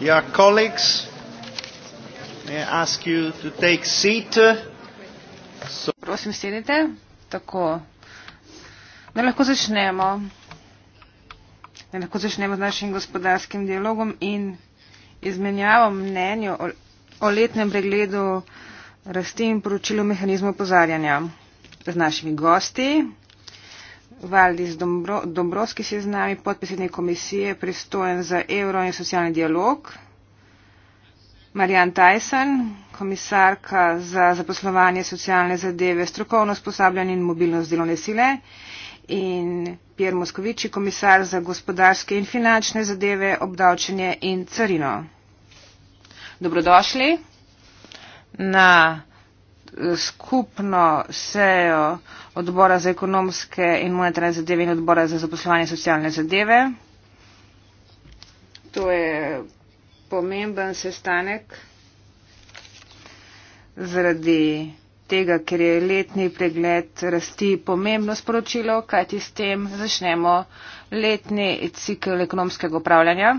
Dear colleagues, may I ask you to take seat? So Prosim, sedite. Tako. Da lahko začnemo. Da lahko začnemo z našim gospodarskim dialogom in izmenjavo mnenju o, o letnem pregledu rasti in poročilu mehanizmu opozarjanja z našimi gosti, Valdis Dombro, Dombrovski se z nami, podpredsednik komisije, pristojen za evro in socialni dialog. Marjan Tyson, komisarka za zaposlovanje, socialne zadeve, strokovno usposabljanje in mobilnost delovne sile. In Pier Moskovič, komisar za gospodarske in finančne zadeve, obdavčenje in carino. Dobrodošli na skupno sejo odbora za ekonomske in monetarne zadeve in odbora za zaposlovanje socialne zadeve. To je pomemben sestanek zaradi tega, ker je letni pregled rasti pomembno sporočilo, kajti s tem začnemo letni cikl ekonomskega upravljanja,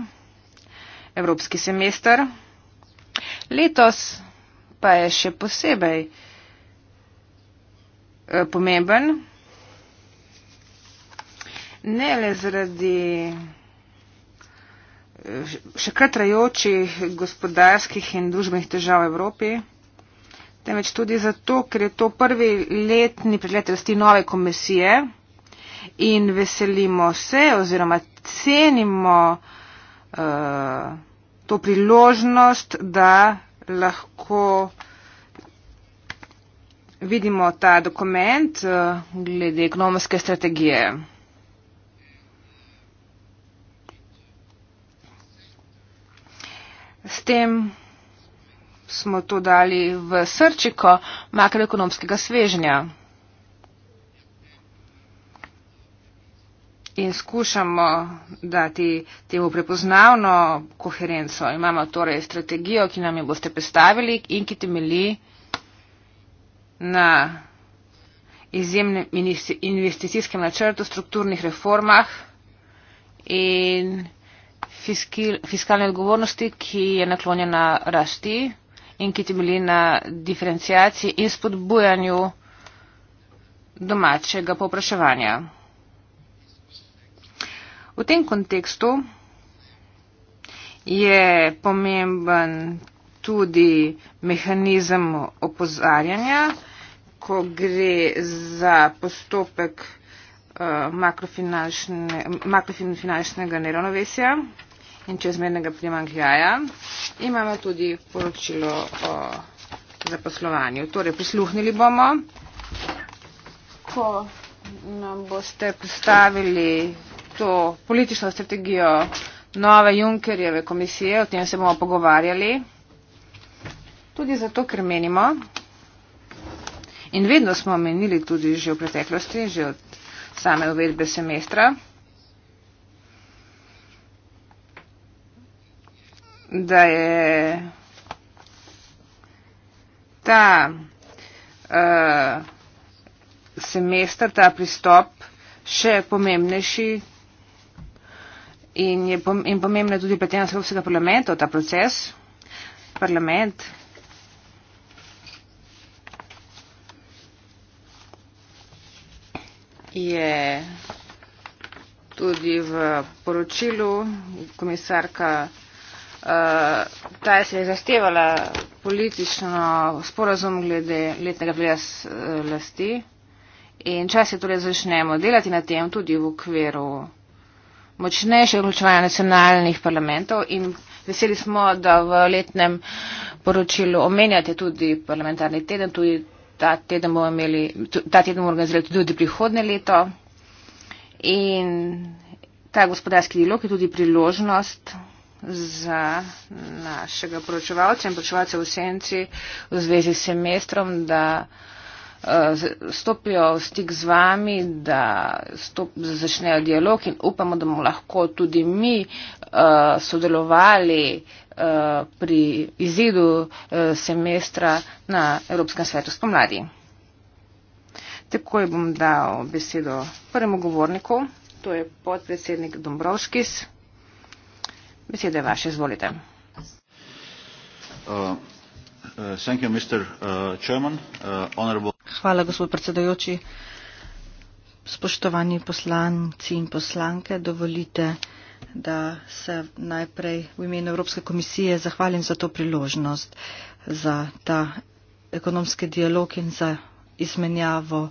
evropski semester. Letos pa je še posebej eh, pomemben. Ne le zaradi eh, še katrajočih gospodarskih in družbenih težav v Evropi, temveč tudi zato, ker je to prvi letni pregled rasti nove komisije in veselimo se oziroma cenimo uh, to priložnost, da lahko vidimo ta dokument eh, glede ekonomske strategije. S tem smo to dali v srčiko makroekonomskega svežnja. in skušamo dati temu prepoznavno koherenco. Imamo torej strategijo, ki nam jo boste predstavili in ki temeli na izjemnem investicijskem načrtu, strukturnih reformah in fiskalne odgovornosti, ki je naklonjena rasti in ki temeli na diferencijaciji in spodbujanju domačega popraševanja. V tem kontekstu je pomemben tudi mehanizem opozarjanja, ko gre za postopek uh, makrofinančnega neravnovesja in čezmernega primankljaja. Imamo tudi poročilo o zaposlovanju. Torej, prisluhnili bomo, ko nam boste postavili to politično strategijo nove Junkerjeve komisije, o tem se bomo pogovarjali. Tudi zato, ker menimo in vedno smo menili tudi že v preteklosti, že od same uvedbe semestra, da je ta uh, eh, semestr, ta pristop še pomembnejši, in, je, in pomembna je tudi vpletenost Evropskega parlamenta v ta proces. Parlament. je tudi v poročilu komisarka uh, ta je se je zahtevala politično sporazum glede letnega vleda s uh, lasti in čas je torej začnemo delati na tem tudi v okviru močnejše vključevanje nacionalnih parlamentov in veseli smo, da v letnem poročilu omenjate tudi parlamentarni teden, tudi ta teden bomo imeli, ta teden bomo organizirati tudi prihodne leto. In ta gospodarski dialog je tudi priložnost za našega poročevalca in poročevalca v senci v zvezi s semestrom, da uh, Eh, stopijo v stik z vami, da stop, začnejo dialog in upamo, da bomo lahko tudi mi eh, sodelovali eh, pri izidu semestra na Evropskem svetu spomladi. Takoj bom dal besedo prvemu govorniku, to je podpredsednik Dombrovskis. Beseda je vaša, izvolite. Uh. Uh, uh, uh, Hvala, gospod predsedajoči. Spoštovani poslanci in poslanke, dovolite, da se najprej v imenu Evropske komisije zahvalim za to priložnost, za ta ekonomski dialog in za izmenjavo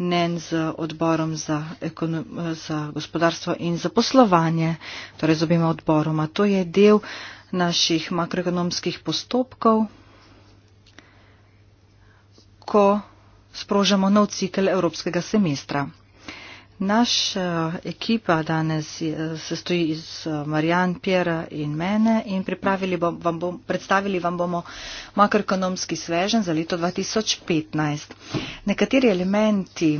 mnen z odborom za, za gospodarstvo in za poslovanje, torej z obima odboroma. To je del naših makroekonomskih postopkov ko sprožamo nov cikel evropskega semestra. Naš eh, ekipa danes eh, sestoji iz eh, Marjan, Pjera in mene in bom, vam bom, predstavili vam bomo makroekonomski svežen za leto 2015. Nekateri elementi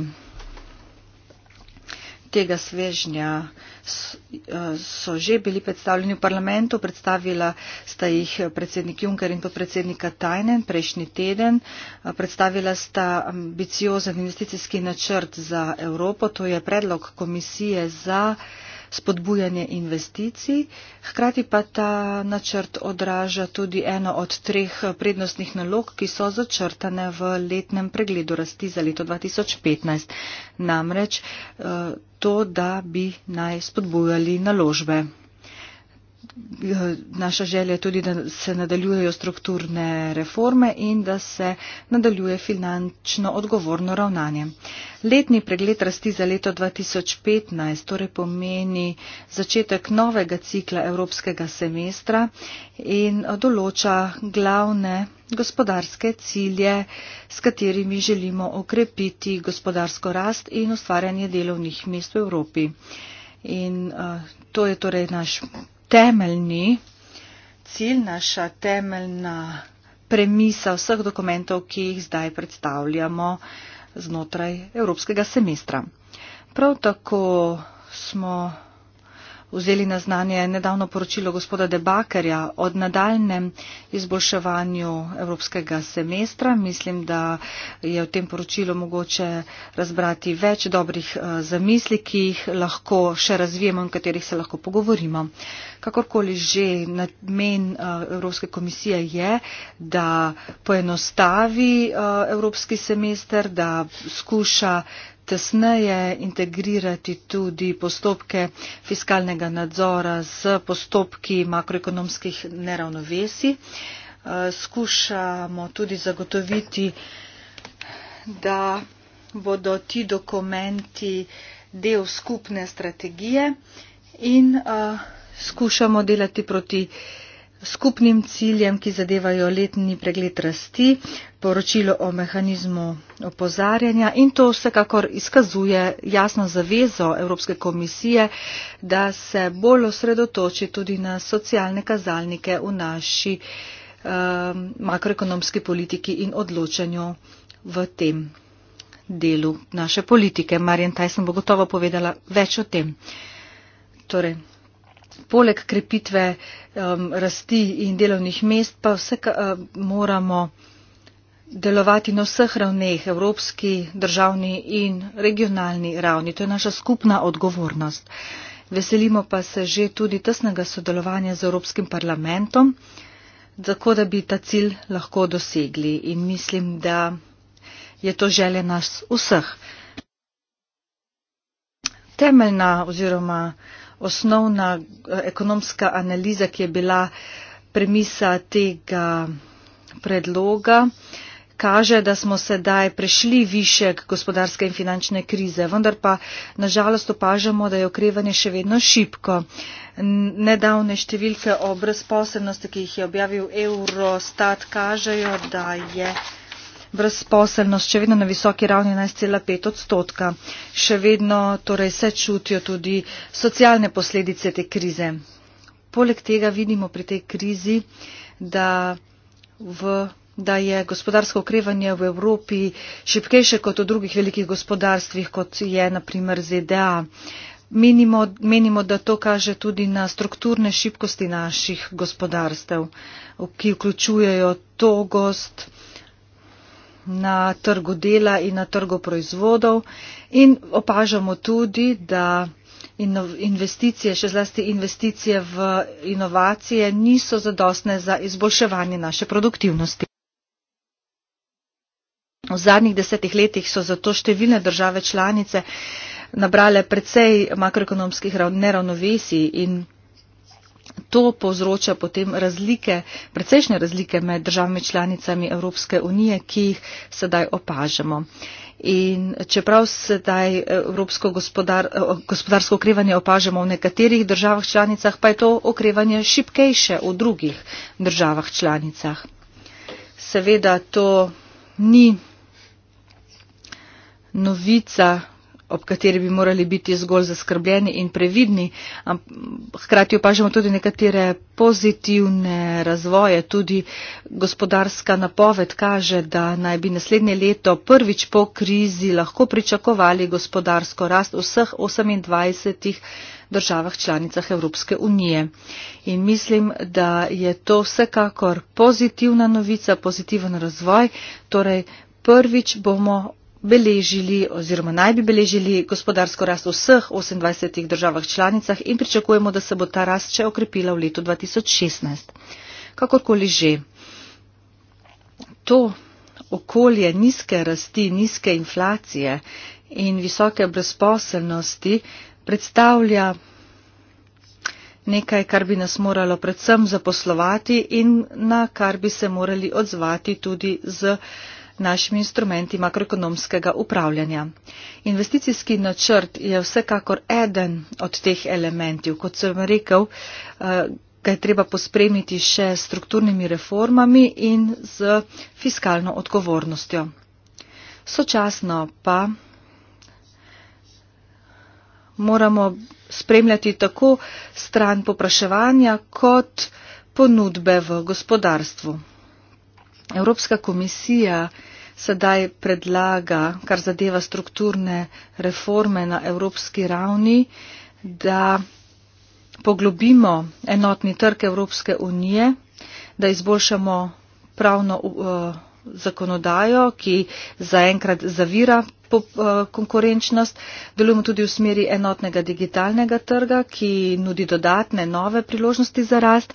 tega svežnja eh, so že bili predstavljeni v parlamentu, predstavila sta jih predsednik Juncker in pa predsednika Tajnen prejšnji teden, eh, predstavila sta ambiciozen investicijski načrt za Evropo, to je predlog komisije za spodbujanje investicij. Hkrati pa ta načrt odraža tudi eno od treh prednostnih nalog, ki so začrtane v letnem pregledu rasti za leto 2015. Namreč eh, to, da bi naj spodbujali naložbe naša želja je tudi, da se nadaljujejo strukturne reforme in da se nadaljuje finančno odgovorno ravnanje. Letni pregled rasti za leto 2015 torej pomeni začetek novega cikla evropskega semestra in določa glavne gospodarske cilje, s katerimi želimo okrepiti gospodarsko rast in ustvarjanje delovnih mest v Evropi. In uh, to je torej naš temeljni cilj, naša temeljna premisa vseh dokumentov, ki jih zdaj predstavljamo znotraj evropskega semestra. Prav tako smo vzeli na znanje nedavno poročilo gospoda Debakerja o nadaljnem izboljševanju evropskega semestra. Mislim, da je v tem poročilu mogoče razbrati več dobrih eh, zamisli, ki jih lahko še razvijemo in katerih se lahko pogovorimo. Kakorkoli že, namen eh, Evropske komisije je, da poenostavi eh, evropski semester, da skuša tesneje integrirati tudi postopke fiskalnega nadzora z postopki makroekonomskih neravnovesij. Eh, skušamo tudi zagotoviti, da bodo ti dokumenti del skupne strategije in uh, skušamo delati proti uh, skupnim ciljem, ki zadevajo letni pregled rasti, poročilo o mehanizmu opozarjanja in to vsekakor izkazuje jasno zavezo Evropske komisije, da se bolj osredotoči tudi na socialne kazalnike v naši um, makroekonomski politiki in odločanju v tem delu naše politike. Marjen Tajsen bo gotovo povedala več o tem. Torej, poleg krepitve um, rasti in delovnih mest pa vse uh, moramo delovati na vseh ravneh, evropski, državni in regionalni ravni. To je naša skupna odgovornost. Veselimo pa se že tudi tesnega sodelovanja z Evropskim parlamentom, tako da bi ta cilj lahko dosegli in mislim, da je to želje nas vseh. Temeljna oziroma osnovna eh, ekonomska analiza, ki je bila premisa tega predloga, kaže, da smo sedaj prešli višek gospodarske in finančne krize, vendar pa nažalost opažamo, da je okrevanje še vedno šipko. Nedavne številke o brezposebnosti, ki jih je objavil Eurostat, kažejo, da je brezposelnost še vedno na visoki ravni 11,5 odstotka. Še vedno torej se čutijo tudi socialne posledice te krize. Poleg tega vidimo pri tej krizi, da, v, da je gospodarsko okrevanje v Evropi šipkejše kot v drugih velikih gospodarstvih, kot je naprimer ZDA. Menimo, menimo, da to kaže tudi na strukturne šibkosti naših gospodarstev, ki vključujejo togost, eh, na trgu dela in na trgu proizvodov in opažamo tudi, da investicije, še zlasti investicije v inovacije niso zadostne za izboljševanje naše produktivnosti. V zadnjih desetih letih so zato številne države članice nabrale precej makroekonomskih neravnovesij in to povzroča potem razlike, precejšnje razlike med državami članicami Evropske unije, ki jih sedaj opažamo. In čeprav sedaj eh, evropsko gospodar, eh, gospodarsko okrevanje opažamo v nekaterih državah članicah, pa je to okrevanje šipkejše v drugih državah članicah. Seveda to ni novica, ob kateri bi morali biti zgolj zaskrbljeni in previdni. Hkrati opažamo tudi nekatere pozitivne razvoje. Tudi gospodarska napoved kaže, da naj bi naslednje leto prvič po krizi lahko pričakovali gospodarsko rast v vseh 28 državah članicah Evropske unije. In mislim, da je to vsekakor pozitivna novica, pozitiven razvoj. Torej, Prvič bomo beležili oziroma naj bi beležili gospodarsko rast v vseh 28 državah članicah in pričakujemo, da se bo ta rast še okrepila v letu 2016. Kakorkoli že, to okolje nizke rasti, nizke inflacije in visoke brezposelnosti predstavlja nekaj, kar bi nas moralo predvsem zaposlovati in na kar bi se morali odzvati tudi z. Uh, našimi instrumenti makroekonomskega upravljanja. Investicijski načrt je vsekakor eden od teh elementov. Kot sem rekel, eh, ga je treba pospremiti še s strukturnimi reformami in z fiskalno odgovornostjo. Sočasno pa moramo spremljati tako stran popraševanja kot ponudbe v gospodarstvu. Evropska komisija sedaj predlaga, kar zadeva strukturne reforme na evropski ravni, da poglobimo enotni trg Evropske unije, da izboljšamo pravno. Uh, zakonodajo, ki zaenkrat zavira eh, konkurenčnost. Delujemo tudi v smeri enotnega digitalnega trga, ki nudi dodatne nove priložnosti za rast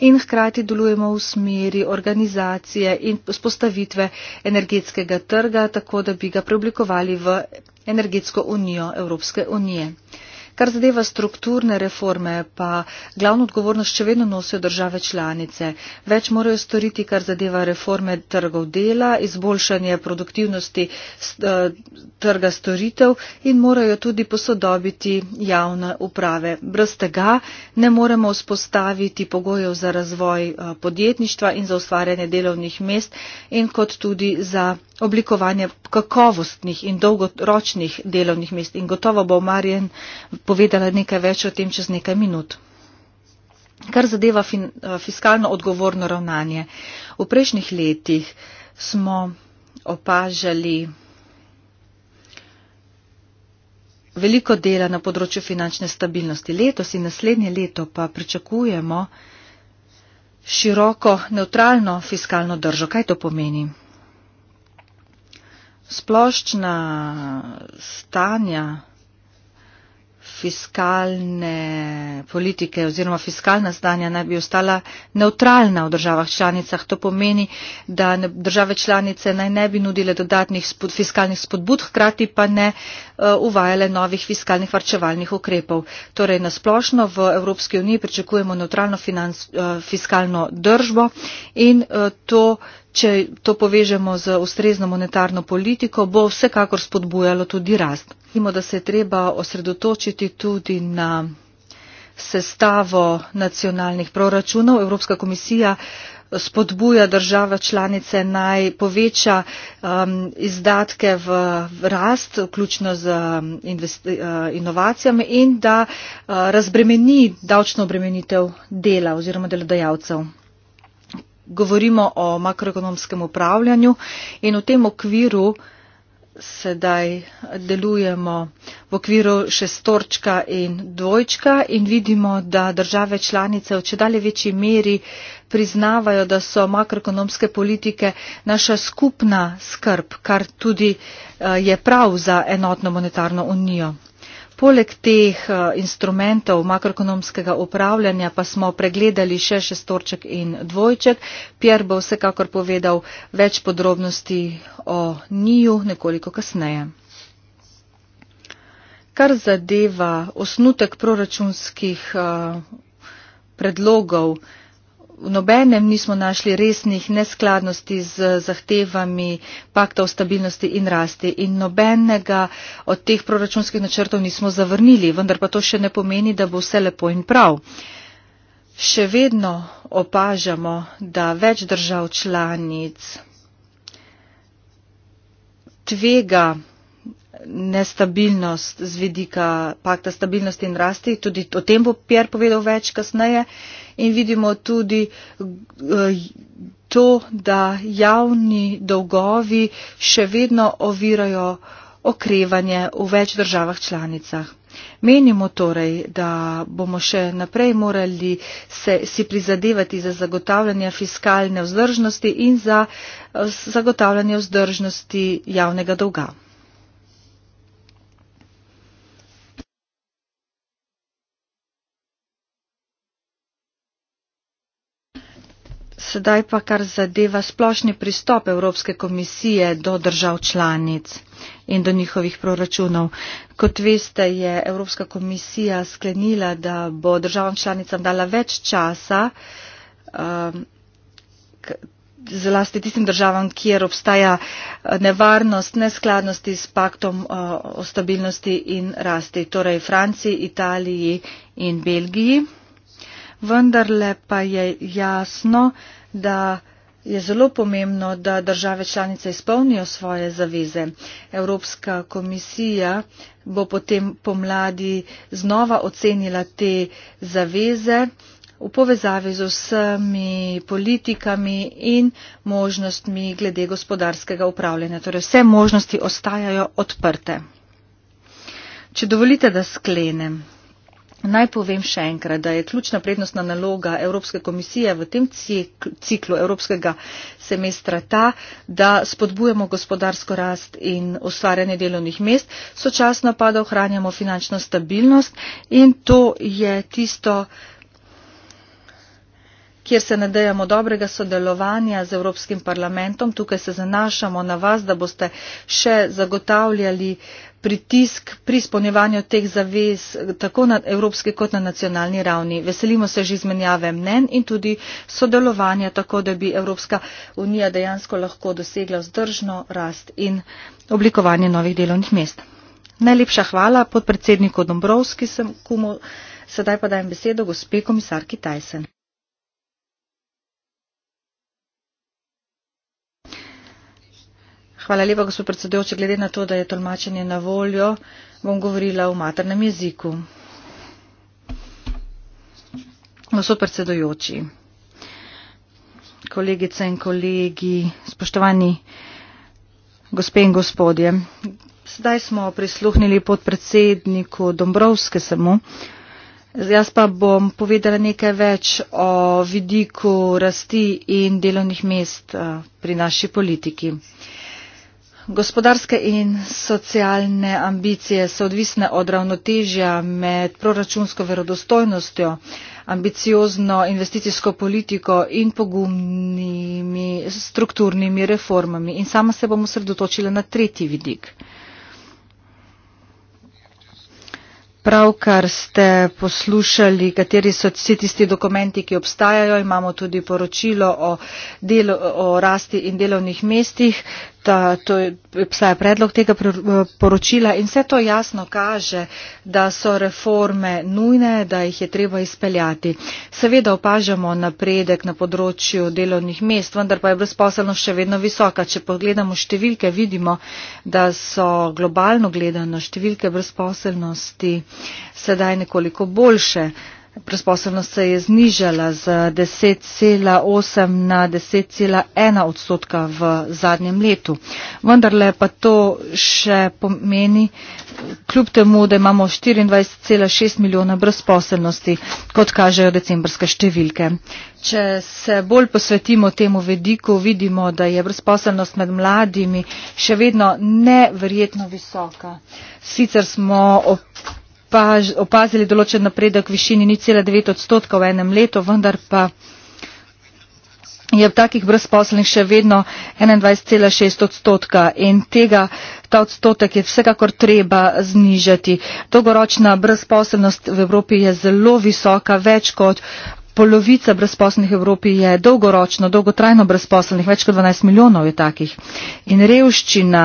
in hkrati delujemo v smeri organizacije in spostavitve energetskega trga, tako da bi ga preoblikovali v energetsko unijo Evropske unije. Kar zadeva strukturne reforme, pa glavno odgovornost še vedno nosijo države članice. Več morajo storiti, kar zadeva reforme trgov dela, izboljšanje produktivnosti eh, trga storitev in morajo tudi posodobiti javne uprave. Brez tega ne moremo vzpostaviti pogojev za razvoj eh, podjetništva in za ustvarjanje delovnih mest in kot tudi za oblikovanje kakovostnih in dolgoročnih delovnih mest. In gotovo bo Marjen povedala nekaj več o tem čez nekaj minut. Kar zadeva fin, eh, fiskalno odgovorno ravnanje. V prejšnjih letih smo opažali veliko dela na področju finančne stabilnosti. Letos in naslednje leto pa pričakujemo široko neutralno fiskalno držo. Kaj to pomeni? splošna stanja fiskalne politike oziroma fiskalna stanja naj bi ostala neutralna v državah članicah. To pomeni, da države članice naj ne bi nudile dodatnih spod, fiskalnih spodbud, hkrati pa ne uh, uvajale novih fiskalnih varčevalnih ukrepov. Torej, nasplošno v Evropski uniji pričakujemo neutralno financ, uh, eh, fiskalno držbo in uh, to če to povežemo z ustrezno monetarno politiko, bo vsekakor spodbujalo tudi rast. Vidimo, da se je treba osredotočiti tudi na sestavo nacionalnih proračunov. Evropska komisija spodbuja država članice naj poveča um, izdatke v rast, vključno z um, invest, uh, inovacijami in da uh, razbremeni davčno obremenitev dela oziroma delodajalcev govorimo o makroekonomskem upravljanju in v tem okviru sedaj delujemo v okviru šestorčka in dvojčka in vidimo, da države članice v čedalje večji meri priznavajo, da so makroekonomske politike naša skupna skrb, kar tudi eh, je prav za enotno monetarno unijo. Poleg teh eh, instrumentov makroekonomskega upravljanja pa smo pregledali še šestorček in dvojček. Pjer bo vsekakor povedal več podrobnosti o njiju nekoliko kasneje. Kar zadeva osnutek proračunskih eh, predlogov, v nobenem nismo našli resnih neskladnosti z zahtevami pakta o stabilnosti in rasti in nobenega od teh proračunskih načrtov nismo zavrnili, vendar pa to še ne pomeni, da bo vse lepo in prav. Še vedno opažamo, da več držav članic tvega nestabilnost z vedika pakta stabilnosti in rasti, tudi o tem bo Pierre povedal več kasneje. Uh, in vidimo tudi eh, to, da javni dolgovi še vedno ovirajo okrevanje v več državah članicah. Menimo torej, da bomo še naprej morali se, si prizadevati za zagotavljanje fiskalne vzdržnosti in za eh, zagotavljanje vzdržnosti javnega dolga. sedaj pa kar zadeva splošni pristop Evropske komisije do držav članic in do njihovih proračunov. Kot veste, je Evropska komisija sklenila, da bo državam članicam dala več časa, um, k, zlasti tistim državam, kjer obstaja uh, nevarnost neskladnosti s paktom uh, o stabilnosti in rasti, torej Franciji, Italiji in Belgiji. Vendarle pa je jasno, da je zelo pomembno, da države članice izpolnijo svoje zaveze. Evropska komisija bo potem pomladi znova ocenila te zaveze v povezavi z vsemi politikami in možnostmi glede gospodarskega upravljanja. Torej vse možnosti ostajajo odprte. Če dovolite, da sklenem. Naj povem še enkrat, da je ključna prednostna naloga Evropske komisije v tem ciklu Evropskega semestra ta, da spodbujamo gospodarsko rast in ustvarjanje delovnih mest, sočasno pa da ohranjamo finančno stabilnost in to je tisto, kjer se nadejamo dobrega sodelovanja z Evropskim parlamentom. Tukaj se zanašamo na vas, da boste še zagotavljali pritisk pri izpolnjevanju teh zavez tako na evropski kot na nacionalni ravni. Veselimo se že izmenjave mnen in tudi sodelovanja, tako da bi Evropska unija dejansko lahko dosegla vzdržno rast in oblikovanje novih delovnih mest. Najlepša hvala podpredsedniku Dombrovski sem kumo. Sedaj pa dajem besedo gospe komisarki Tyson. Hvala lepa, gospod predsedujoči. Glede na to, da je tolmačenje na voljo, bom govorila v maternem jeziku. Gospod predsedujoči, kolegice in kolegi, spoštovani gospe in gospodje. Sedaj smo prisluhnili podpredsedniku Dombrovske samo. Jaz pa bom povedala nekaj več o vidiku rasti in delovnih mest eh, pri naši politiki. Gospodarske in socialne ambicije so odvisne od ravnotežja med proračunsko verodostojnostjo, ambiciozno investicijsko politiko in pogumnimi strukturnimi reformami. In sama se bom osredotočila na tretji vidik. Pravkar ste poslušali, kateri so vsi tisti dokumenti, ki obstajajo. Imamo tudi poročilo o, delo, o rasti in delovnih mestih, da to obstaja predlog tega eh, poročila in vse to jasno kaže, da so reforme nujne, da jih je treba izpeljati. Seveda opažamo napredek na področju delovnih mest, vendar pa je brezposelnost še vedno visoka. Če pogledamo številke, vidimo, da so globalno gledano številke brezposelnosti sedaj nekoliko boljše. Brezposobnost se je znižala z 10,8 na 10,1 odstotka v zadnjem letu. Vendarle pa to še pomeni, kljub temu, da imamo 24,6 milijona brezposobnosti, kot kažejo decembrske številke. Če se bolj posvetimo temu vediku, vidimo, da je brezposobnost med mladimi še vedno neverjetno visoka. Sicer smo opaž, opazili določen napredek v višini ni cela devet odstotka v enem letu, vendar pa je v takih brezposelnih še vedno 21,6 odstotka in tega, ta odstotek je vsekakor treba znižati. Dolgoročna brezposelnost v Evropi je zelo visoka, več kot, Polovica brezposlenih v Evropi je dolgoročno, dolgotrajno brezposlenih, več kot 12 milijonov je takih. In revščina,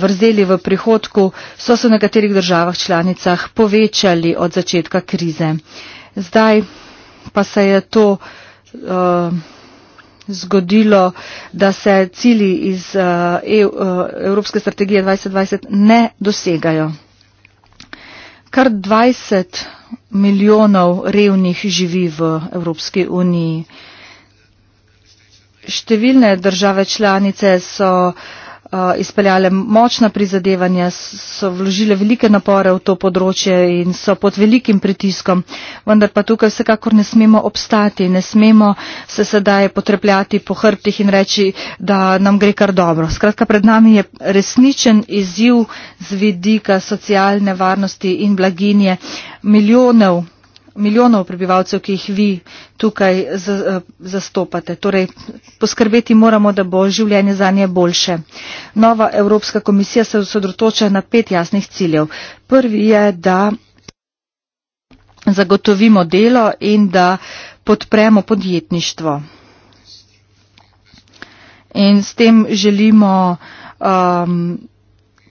vrzeli v prihodku, so se v nekaterih državah članicah povečali od začetka krize. Zdaj pa se je to uh, zgodilo, da se cili iz uh, EU, uh, Evropske strategije 2020 ne dosegajo. Kar 20 milijonov revnih živi v Evropski uniji. Številne države članice so uh, Eh, izpeljale močna prizadevanja, so vložile velike napore v to področje in so pod velikim pritiskom. Vendar pa tukaj vsekakor ne smemo obstati, ne smemo se sedaj potrpljati po hrbtih in reči, da nam gre kar dobro. Skratka, pred nami je resničen izziv z vidika socialne varnosti in blaginje milijonov milijonov prebivalcev, ki jih vi tukaj eh, zastopate. Torej, poskrbeti moramo, da bo življenje za nje boljše. Nova Evropska komisija se osredotoča na pet jasnih ciljev. Prvi je, da zagotovimo delo in da podpremo podjetništvo. In s tem želimo. Um,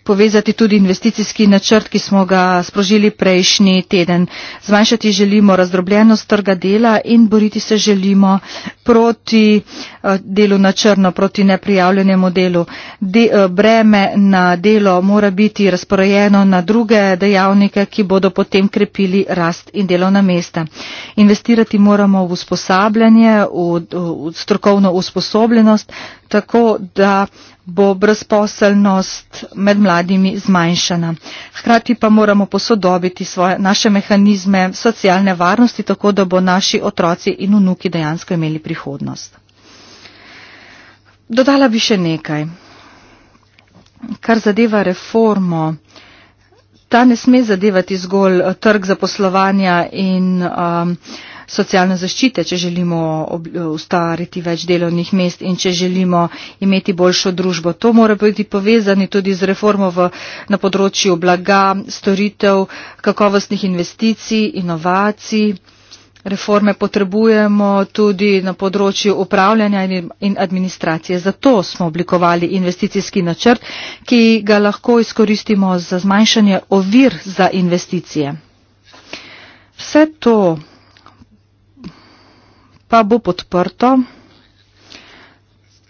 povezati tudi investicijski načrt, ki smo ga sprožili prejšnji teden. Zmanjšati želimo razdrobljenost trga dela in boriti se želimo proti eh, delu na črno, proti neprijavljenemu delu. De, eh, breme na delo mora biti razporejeno na druge dejavnike, ki bodo potem krepili rast in delovna mesta. Investirati moramo v usposabljanje, v, v strokovno usposobljenost, tako da bo brezposelnost med mladimi zmanjšana. Hkrati pa moramo posodobiti svoje, naše mehanizme socialne varnosti, tako da bo naši otroci in vnuki dejansko imeli prihodnost. Dodala bi še nekaj. Kar zadeva reformo, ta ne sme zadevati zgolj eh, trg zaposlovanja in um, socialne zaščite, če želimo ustvariti več delovnih mest in če želimo imeti boljšo družbo. To mora biti povezani tudi z reformo v, na področju blaga, storitev, kakovostnih investicij, inovacij. Reforme potrebujemo tudi na področju upravljanja in administracije. Zato smo oblikovali investicijski načrt, ki ga lahko izkoristimo za zmanjšanje ovir za investicije. Vse to pa bo podprto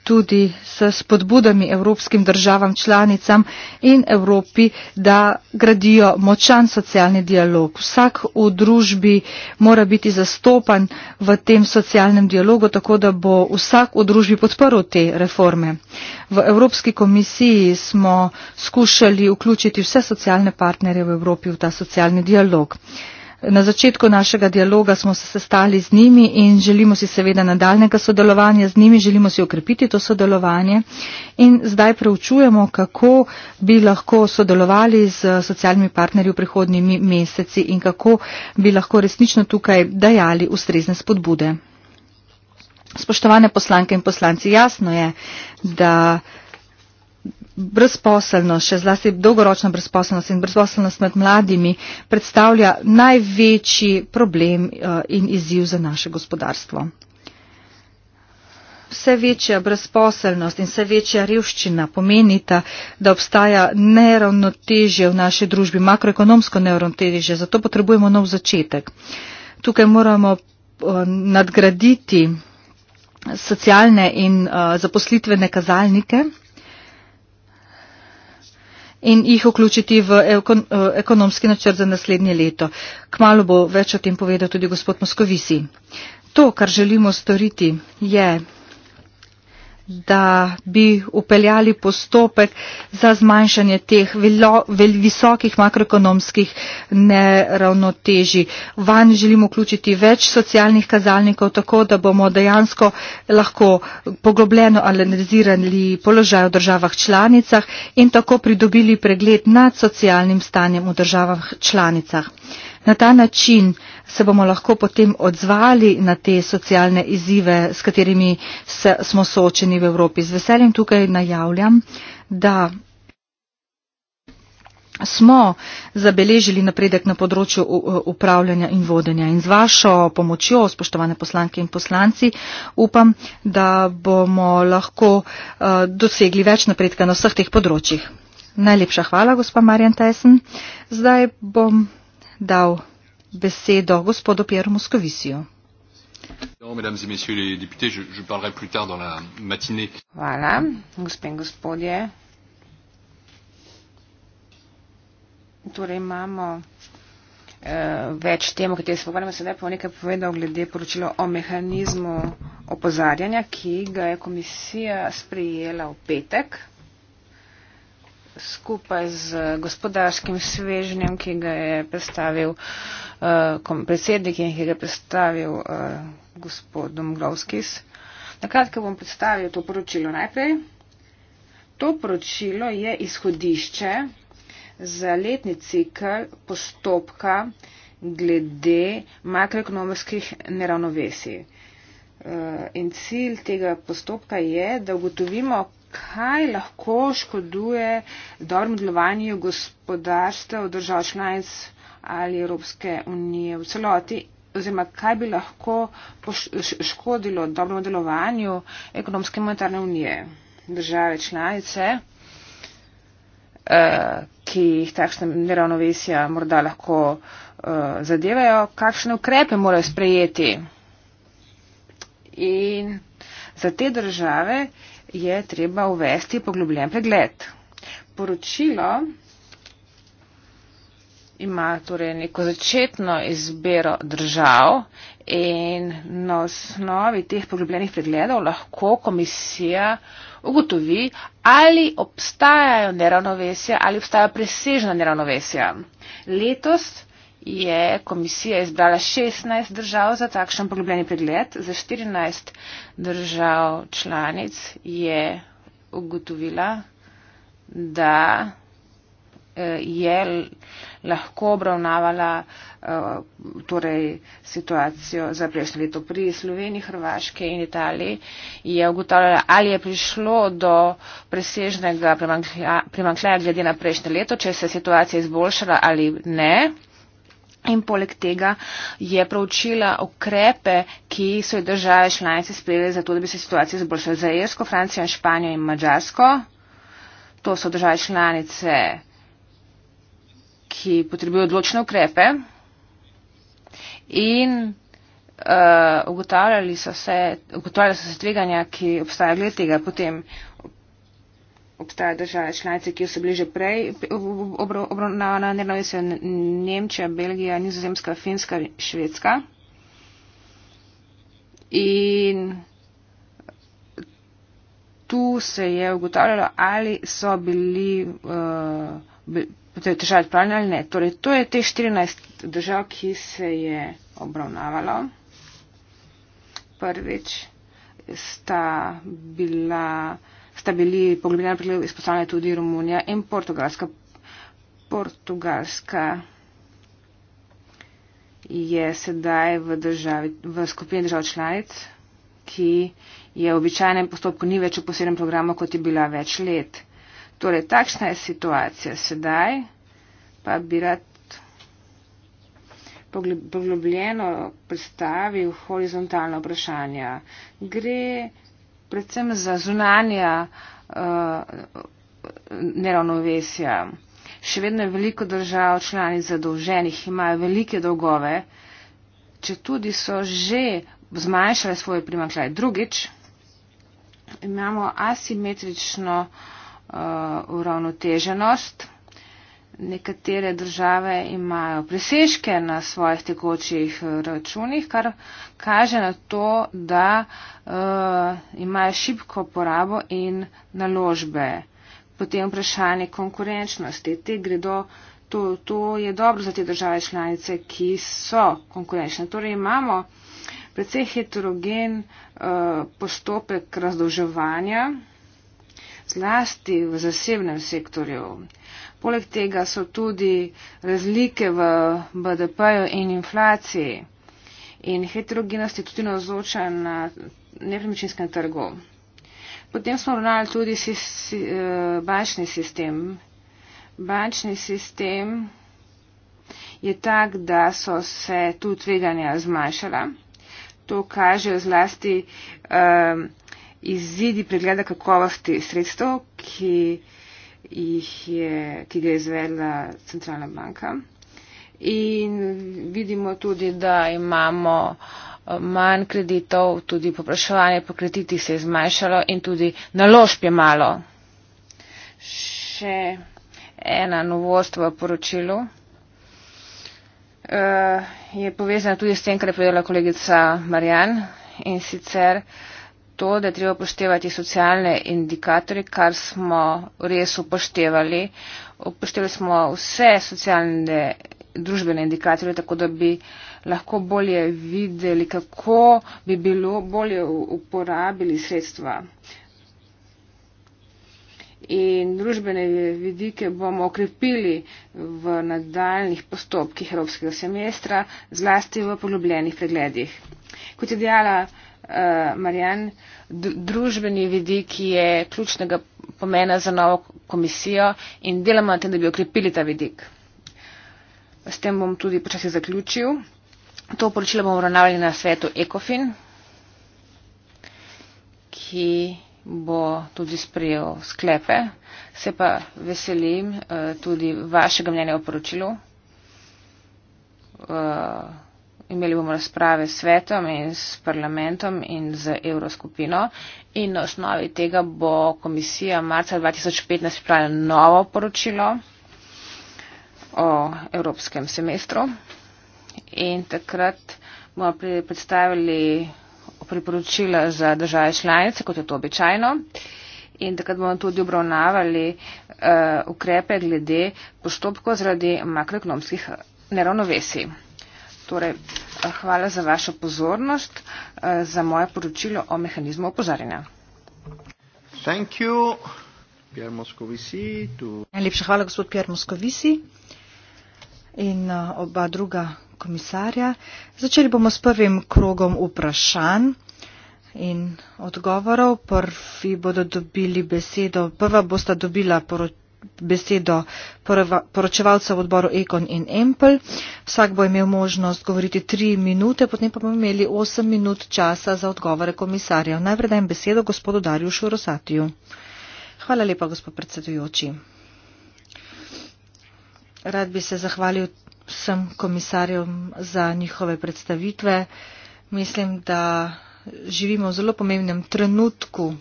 tudi s spodbudami evropskim državam članicam in Evropi, da gradijo močan socialni dialog. Vsak v družbi mora biti zastopan v tem socialnem dialogu, tako da bo vsak v družbi podprl te reforme. V Evropski komisiji smo skušali vključiti vse socialne partnerje v Evropi v ta socialni dialog. Uh, Na začetku našega dialoga smo se sestali z njimi in želimo si seveda nadaljnega sodelovanja z njimi, želimo si okrepiti to sodelovanje in zdaj preučujemo, kako bi lahko sodelovali z socialnimi partnerji v prihodnjimi meseci in kako bi lahko resnično tukaj dajali ustrezne spodbude. Spoštovane poslanke in poslanci, jasno je, da brezposelnost, še zlasti dolgoročna brezposelnost in brezposelnost med mladimi predstavlja največji problem eh, in izziv za naše gospodarstvo. Vse večja brezposelnost in vse večja revščina pomenita, da obstaja neravnotežje v naši družbi, makroekonomsko neravnotežje, zato potrebujemo nov začetek. Tukaj moramo eh, nadgraditi socialne in eh, zaposlitvene kazalnike in jih vključiti v eh, ekonomski načrt za naslednje leto. Kmalo bo več o tem povedal tudi gospod Moskovisi. To, kar želimo storiti, je da bi upeljali postopek za zmanjšanje teh velo, vel, visokih makroekonomskih neravnotežij. Van želimo vključiti več socialnih kazalnikov, tako da bomo dejansko lahko poglobljeno analizirali položaj v državah članicah in tako pridobili pregled nad socialnim stanjem v državah članicah. Na ta način se bomo lahko potem odzvali na te socialne izzive, s katerimi se, smo soočeni v Evropi. Z veseljem tukaj najavljam, da smo zabeležili napredek na področju upravljanja in vodenja. In z vašo pomočjo, spoštovane poslanke in poslanci, upam, da bomo lahko eh, dosegli več napredka na vseh teh področjih. Najlepša hvala, gospa Marjan Tyson. Zdaj bom dal besedo gospodu Pierre Moscovisiju. Hvala, gospe in gospodje. Torej imamo uh, več tem, o katerih se pogovarjamo. Sedaj pa bom nekaj povedal glede poročila o mehanizmu opozarjanja, ki ga je komisija sprejela v petek skupaj z gospodarskim svežnjem, ki ga je predstavil uh, predsednik in ki ga je predstavil uh, gospod Domgrovskis. Nakratko bom predstavil to poročilo najprej. To poročilo je izhodišče za letni cikl postopka glede makroekonomskih neravnovesij. Eh, in cilj tega postopka je, da ugotovimo, kaj lahko škoduje dobrem delovanju gospodarstva v držav članic ali Evropske unije v celoti, oziroma kaj bi lahko škodilo dobrem delovanju ekonomske in monetarne unije države članice, eh, ki jih takšne neravnovesja morda lahko eh, zadevajo, kakšne ukrepe morajo sprejeti. In za te države je treba uvesti poglobljen pregled. Poročilo ima torej neko začetno izbero držav in na osnovi teh poglobljenih pregledov lahko komisija ugotovi, ali obstajajo neravnovesja ali obstajajo presežna neravnovesja. Letos je komisija izbrala 16 držav za takšen poglobljeni pregled, za 14 držav članic je ugotovila, da eh, je lahko obravnavala eh, torej, situacijo za prejšnje leto pri Sloveniji, Hrvaške in Italiji, je ugotavljala, ali je prišlo do presežnega primankljaja glede na prejšnje leto, če se je situacija izboljšala ali ne. In poleg tega je proučila okrepe, ki so jih države članice sprejeli za to, da bi se situacija zboljšala za Irsko, Francijo in Španijo in Mačarsko. To so države članice, ki potrebujejo odločne ukrepe. In uh, ugotavljali so se, se tveganja, ki obstajajo glede tega. Potem obstaja države članice, ki so bili že prej obravnavane, obro, obro, so Nemčija, Belgija, Nizozemska, Finska, Švedska. In tu se je ugotavljalo, ali so bili uh, težave torej odpravljene ali ne. Torej, to je te 14 držav, ki se je obravnavalo. Prvič sta bila uh, sta bili poglobljeni pregledi izpostavljeni tudi Romunija in Portugalska. Portugalska je sedaj v, državi, v skupini držav članic, ki je v običajnem postopku ni več v posebnem programu, kot je bila več let. Torej, takšna je situacija sedaj, pa bi rad poglobljeno predstavil horizontalno vprašanje. Gre predvsem za zunanja uh, neravnovesja. Še vedno je veliko držav članic zadolženih, imajo velike dolgove, če tudi so že zmanjšale svoje primankljaje. Drugič, imamo asimetrično uh, uravnoteženost nekatere države imajo presežke na svojih tekočih eh, računih, kar kaže na to, da uh, imajo šibko porabo in naložbe. Potem vprašanje konkurenčnosti. Te gredo, to, to je dobro za te države članice, ki so konkurenčne. Torej imamo predvsej heterogen uh, postopek razdoževanja, zlasti v zasebnem sektorju. Poleg tega so tudi razlike v BDP-ju in inflaciji. In heterogenost je tudi navzoča na nepremičninskem trgu. Potem smo obravnavali tudi si, si, eh, bančni sistem. Bančni sistem je tak, da so se tu tveganja zmanjšala. To kaže zlasti um, eh, izzidi pregleda kakovosti sredstev, ki je, ki ga je izvedla centralna banka. In vidimo tudi, da imamo eh, manj kreditov, tudi popraševanje po kreditih se je zmanjšalo in tudi naložb je malo. Še ena novost v poročilu eh, je povezana tudi s tem, kar je povedala kolegica Marjan in sicer to, da je treba upoštevati socialne indikatorje, kar smo res upoštevali. Upoštevali smo vse socialne družbene indikatorje, tako da bi lahko bolje videli, kako bi bilo bolje uporabili sredstva. In družbene vidike bomo okrepili v nadaljnih postopkih evropskega semestra, zlasti v poglobljenih pregledih. Kot je dejala Eh, Marjan. Družbeni vidik je ključnega pomena za novo komisijo in delamo na tem, da bi okrepili ta vidik. S tem bom tudi počasi zaključil. To poročilo bomo obravnavali na svetu ECOFIN, ki bo tudi sprejel sklepe. Se pa veselim uh, tudi vašega mnenja o poročilu. Uh, imeli bomo razprave s svetom in s parlamentom in z evroskupino in na osnovi tega bo komisija marca 2015 pripravila novo poročilo o evropskem semestru in takrat bomo predstavili priporočila za države članice, kot je to običajno. In takrat bomo tudi obravnavali uh, ukrepe glede postopkov zaradi makroekonomskih neravnovesij. Torej, eh, hvala za vašo pozornost, eh, za moje poročilo o mehanizmu opozarjanja. Najlepša hvala, gospod Pierre Moscovici in eh, oba druga komisarja. Začeli bomo s prvim krogom vprašanj in odgovorov. Prvi bodo dobili besedo, prva bosta dobila poročilo besedo poročevalcev odboru Ekon in Empel. Vsak bo imel možnost govoriti tri minute, potem pa bomo imeli osem minut časa za odgovore komisarjev. Najprej dajem besedo gospodu Darju Šurosatiju. Hvala lepa, gospod predsedujoči. Rad bi se zahvalil vsem komisarjem za njihove predstavitve. Mislim, da živimo v zelo pomembnem trenutku. Uh,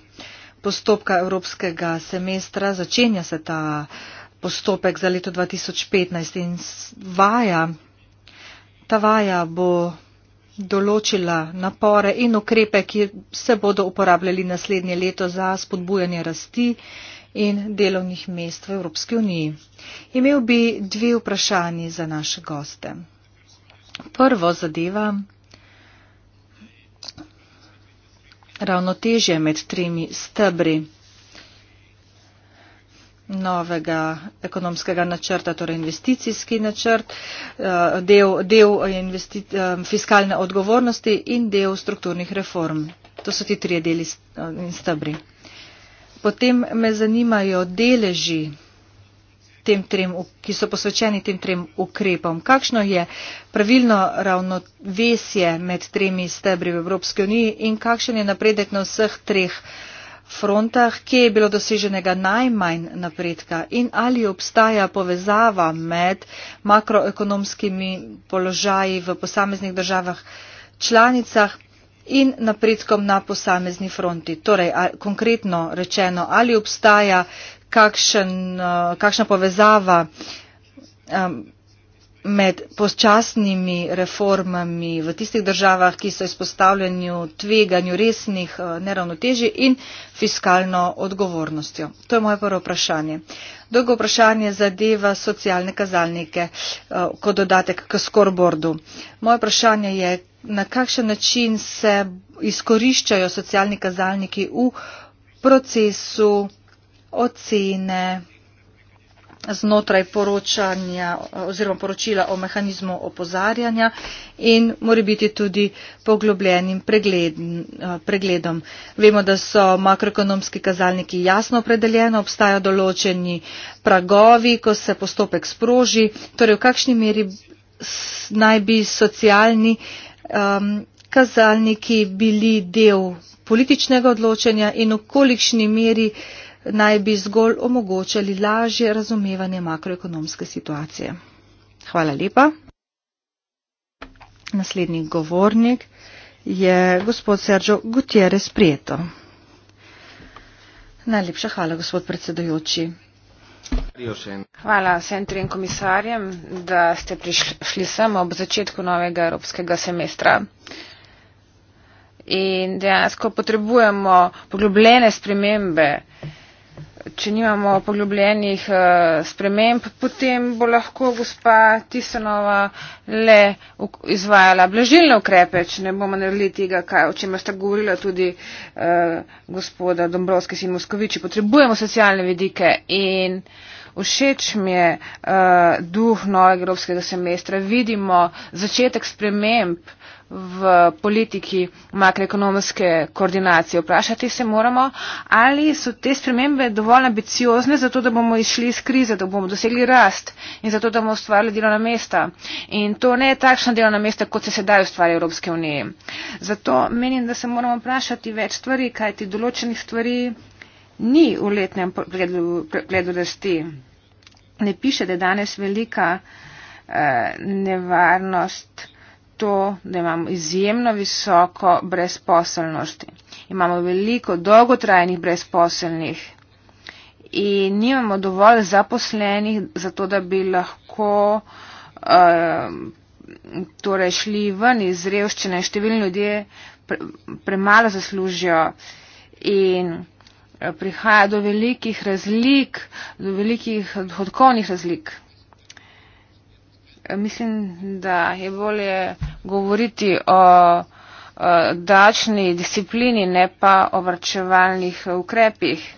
postopka evropskega semestra, začenja se ta postopek za leto 2015 in vaja, ta vaja bo določila napore in ukrepe, ki se bodo uporabljali naslednje leto za spodbujanje rasti in delovnih mest v Evropski uniji. Imel bi dve vprašanji za naše goste. Prvo zadeva ravnotežje med tremi stebri novega ekonomskega načrta, torej investicijski načrt, eh, del, del eh, eh, fiskalne odgovornosti in del strukturnih reform. To so ti tri deli in stebri. Potem me zanimajo deleži tem trem, ki so posvečeni tem trem ukrepom. Kakšno je pravilno ravnovesje med tremi stebri v Evropski uniji in kakšen je napredek na vseh treh frontah, kje je bilo doseženega najmanj napredka in ali obstaja povezava med makroekonomskimi položaji v posameznih državah članicah in napredkom na posamezni fronti. Torej, a, konkretno rečeno, ali obstaja kakšen, eh, kakšna povezava med počasnimi reformami v tistih državah, ki so izpostavljeni tveganju resnih eh, neravnotežij in fiskalno odgovornostjo. To je moje prvo vprašanje. Drugo vprašanje zadeva socialne kazalnike eh, kot dodatek k scoreboardu. Moje vprašanje je, na kakšen način se izkoriščajo socialni kazalniki v procesu ocene znotraj poročanja oziroma poročila o mehanizmu opozarjanja in mora biti tudi poglobljenim pregled, pregledom. Vemo, da so makroekonomski kazalniki jasno opredeljeni, obstajajo določeni pragovi, ko se postopek sproži, torej v kakšni meri naj bi socialni um, kazalniki bili del političnega odločanja in v kolikšni meri uh, naj bi zgolj omogočali lažje razumevanje makroekonomske situacije. Hvala lepa. Naslednji govornik je gospod Sergio Gutierrez Prieto. Najlepša hvala, gospod predsedujoči. Hvala vsem trem komisarjem, da ste prišli sem ob začetku novega evropskega semestra. In dejansko potrebujemo poglobljene spremembe uh, če nimamo poglobljenih eh, sprememb, potem bo lahko gospa Tisanova le izvajala blažilne ukrepe, če ne bomo naredili tega, kaj, o čem sta govorila tudi eh, gospoda Dombrovski in Moskoviči. Potrebujemo socialne vidike in všeč mi je eh, duh novega evropskega semestra. Vidimo začetek sprememb. Eh, v politiki makroekonomske koordinacije. Vprašati se moramo, ali so te spremembe dovolj ambiciozne, zato da bomo išli iz krize, da bomo dosegli rast in zato da bomo ustvarili delovna mesta. In to ne je takšna delovna mesta, kot se sedaj ustvarja Evropske unije. Zato menim, da se moramo vprašati več stvari, kajti določenih stvari ni v letnem pregledu rasti. Ne piše, da je danes velika eh, nevarnost to, da imamo izjemno visoko brezposelnosti. Imamo veliko dolgotrajnih brezposelnih in nimamo dovolj zaposlenih za to, da bi lahko uh, torej šli ven iz revščine. Številni ljudje pre, premalo zaslužijo in eh, prihaja do velikih razlik, do velikih odhodkovnih razlik mislim, da je bolje govoriti o dačni disciplini, ne pa o vrčevalnih ukrepih.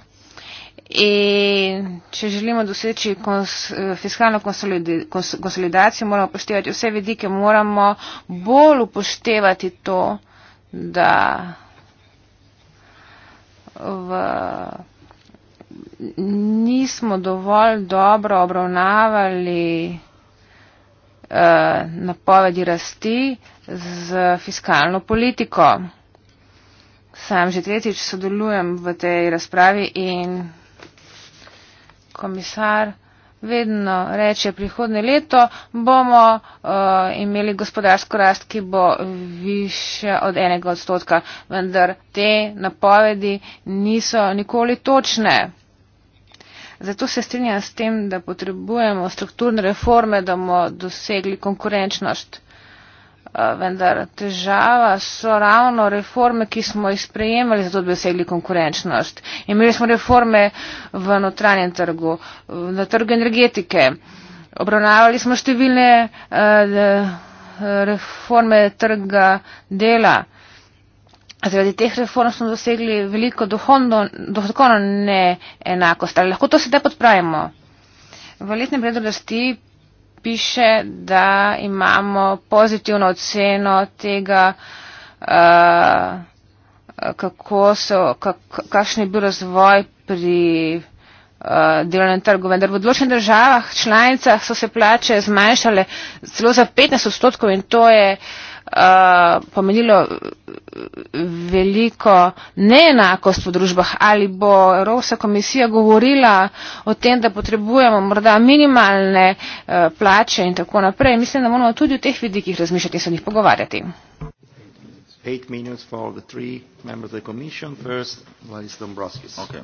In če želimo doseči kons, fiskalno konsolidacijo, moramo upoštevati vse vidike, moramo bolj upoštevati to, da v, nismo dovolj dobro obravnavali Eh, napovedi rasti z fiskalno politiko. Sam že tretjič sodelujem v tej razpravi in komisar vedno reče prihodne leto bomo uh, imeli gospodarsko rast, ki bo više od enega odstotka, vendar te napovedi niso nikoli točne. Zato se strinjam s tem, da potrebujemo strukturne reforme, da bomo dosegli konkurenčnost. Vendar težava so ravno reforme, ki smo jih sprejemali, zato da bi dosegli konkurenčnost. Imeli smo reforme v notranjem trgu, na trgu energetike. Obravnavali smo številne reforme trga dela zaradi teh reform smo dosegli veliko dohodkovno neenakost. Ali lahko to sedaj podpravimo? V letnem redu rasti piše, da imamo pozitivno oceno tega, uh, kako so, kak, kakšen je bil razvoj pri. Eh, delovnem trgu. Vendar v odločenih državah, članicah so se plače zmanjšale celo za 15 odstotkov in to je uh, pomenilo eh, veliko neenakost v družbah. Ali bo Evropska komisija govorila o tem, da potrebujemo morda minimalne uh, plače in tako naprej? Mislim, da moramo tudi o teh vidikih razmišljati in se o njih pogovarjati. Eight minutes for the three members of the Commission. First, Vladislav Dombrovskis. Okay.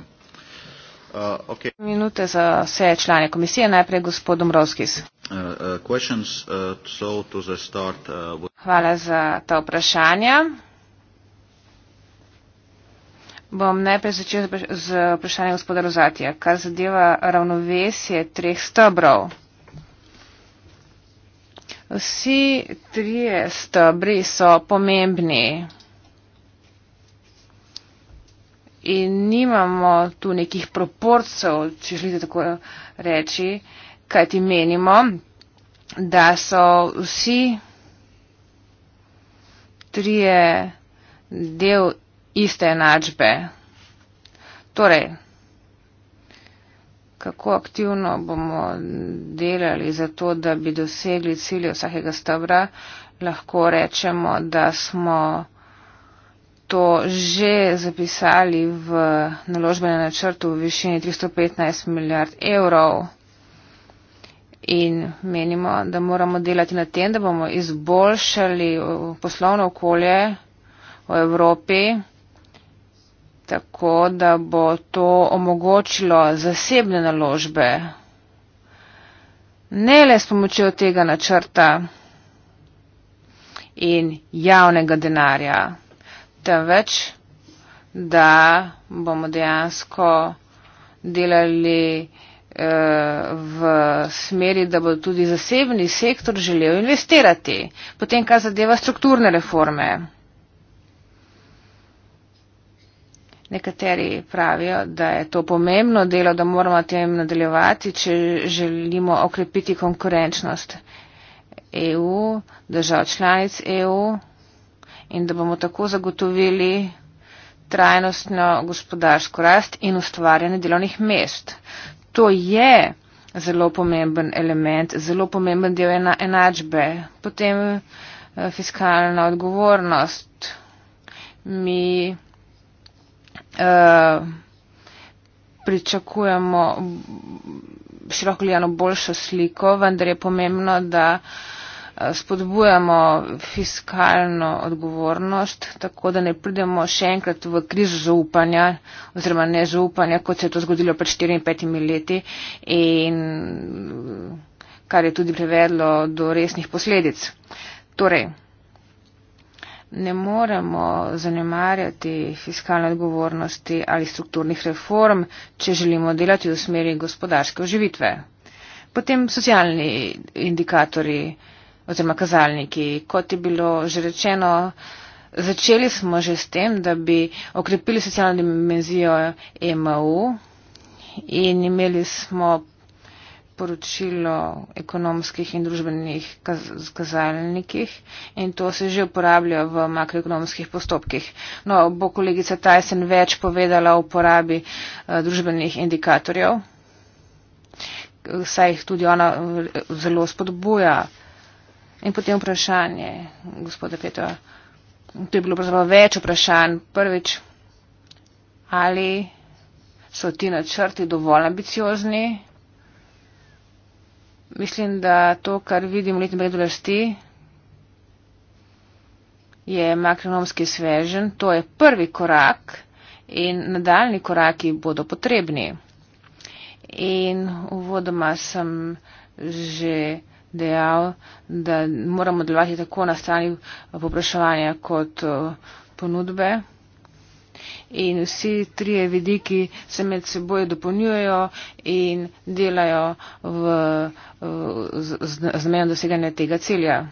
Uh, okay. Minute za vse člane komisije. Najprej gospod Dombrovskis. Uh, uh, uh, so uh, Hvala za ta vprašanja. Bom najprej začel z vprašanjem gospoda Rozatija, kar zadeva ravnovesje treh stebrov. Vsi trije stebri so pomembni in nimamo tu nekih proporcev, če želite tako reči, kaj ti menimo, da so vsi trije del iste enačbe. Torej, kako aktivno bomo delali za to, da bi dosegli cilje vsakega stavra, lahko rečemo, da smo to že zapisali v naložbene načrtu v višini 315 milijard evrov in menimo, da moramo delati na tem, da bomo izboljšali poslovno okolje v Evropi, tako da bo to omogočilo zasebne naložbe. Ne le s pomočjo tega načrta in javnega denarja temveč da bomo dejansko delali eh, v smeri, da bo tudi zasebni sektor želel investirati. Potem, kar zadeva strukturne reforme. Nekateri pravijo, da je to pomembno delo, da moramo tem nadaljevati, če želimo okrepiti konkurenčnost EU, držav članic EU in da bomo tako zagotovili trajnostno gospodarsko rast in ustvarjanje delovnih mest. To je zelo pomemben element, zelo pomemben del ena, enačbe. Potem eh, fiskalna odgovornost. Mi eh, pričakujemo široko gledano boljšo sliko, vendar je pomembno, da eh, spodbujamo fiskalno odgovornost, tako da ne pridemo še enkrat v kriz zaupanja oziroma nezaupanja, kot se je to zgodilo pred 4-5 leti in kar je tudi prevedlo do resnih posledic. Torej, Ne moremo zanemarjati fiskalne odgovornosti ali strukturnih reform, če želimo delati v smeri gospodarske oživitve. Potem socialni indikatorji. Uh, oziroma kazalniki. Kot je bilo že rečeno, začeli smo že s tem, da bi okrepili socialno dimenzijo MAU in imeli smo poročilo ekonomskih in družbenih kaz kazalnikih in to se že uporablja v makroekonomskih postopkih. No, bo kolegica Tyson več povedala o uporabi uh, družbenih indikatorjev, saj jih tudi ona eh, zelo spodbuja. In potem vprašanje, gospoda Petra, to je bilo pravzaprav več vprašanj. Prvič, ali so ti načrti dovolj ambiciozni? Mislim, da to, kar vidim v letnem redu rasti, je makronomski svežen. To je prvi korak in nadaljni koraki bodo potrebni. In uvodoma sem že dejal, da moramo delovati tako na strani popraševanja kot eh, ponudbe. In vsi trije vidiki se med seboj dopolnjujejo in delajo v, v, eh, z, z namenom doseganja tega celja.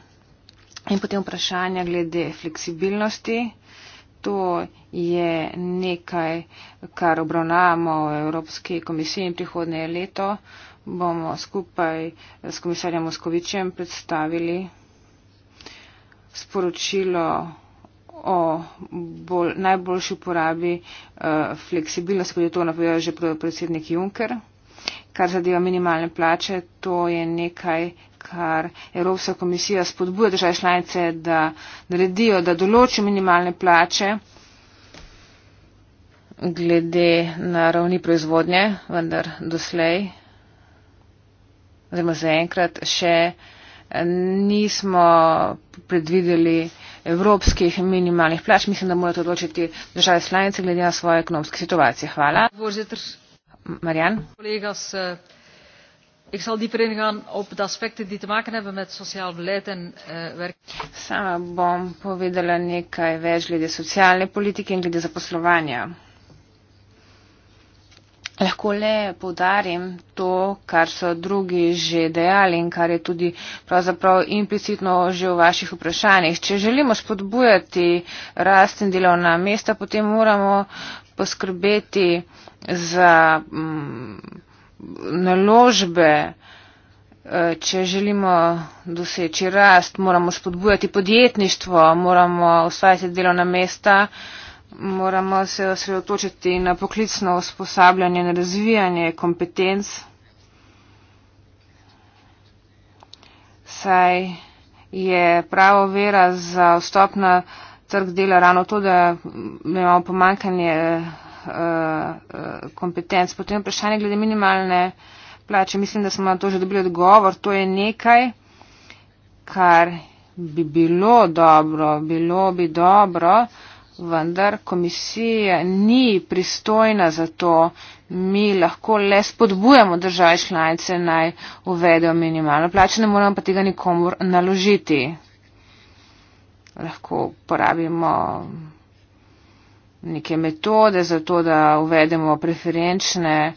In potem vprašanje glede fleksibilnosti. To je nekaj, kar obravnavamo v Evropski komisiji in prihodnje leto. Uh, bomo skupaj s komisarjem Moskovičem predstavili sporočilo o bolj, najboljši uporabi uh, fleksibilnosti, kot je to napovedal že predsednik Juncker. Kar zadeva minimalne plače, to je nekaj, kar Evropska komisija spodbuja države članice, da naredijo, da določi minimalne plače glede na ravni proizvodnje, vendar doslej oziroma zaenkrat še eh, nismo predvideli evropskih minimalnih plač. Mislim, da morajo to odločiti države članice glede na svoje ekonomske situacije. Hvala. Marjan. Kolegas, eh, Ik zal dieper ingaan op de aspecten die te maken hebben met sociaal beleid en uh, werk. Sama bom povedala nekaj več glede sociale politike in glede zaposlovanja. Lahko le povdarim to, kar so drugi že dejali in kar je tudi pravzaprav implicitno že v vaših vprašanjih. Če želimo spodbujati rast in delovna mesta, potem moramo poskrbeti za mm, naložbe. Če želimo doseči rast, moramo spodbujati podjetništvo, moramo ustvarjati delovna mesta moramo se osredotočiti na poklicno usposabljanje in razvijanje kompetenc. Saj je pravo vera za vstop na trg dela ravno to, da imamo pomankanje uh, uh, kompetenc. Potem vprašanje glede minimalne plače. Mislim, da smo na to že dobili odgovor. To je nekaj, kar bi bilo dobro. Bilo bi dobro. Uh, vendar komisija ni pristojna za to, mi lahko le spodbujamo države članice naj uvedejo minimalno plačo, ne moramo pa tega nikomor naložiti. Lahko porabimo neke metode za to, da uvedemo preferenčne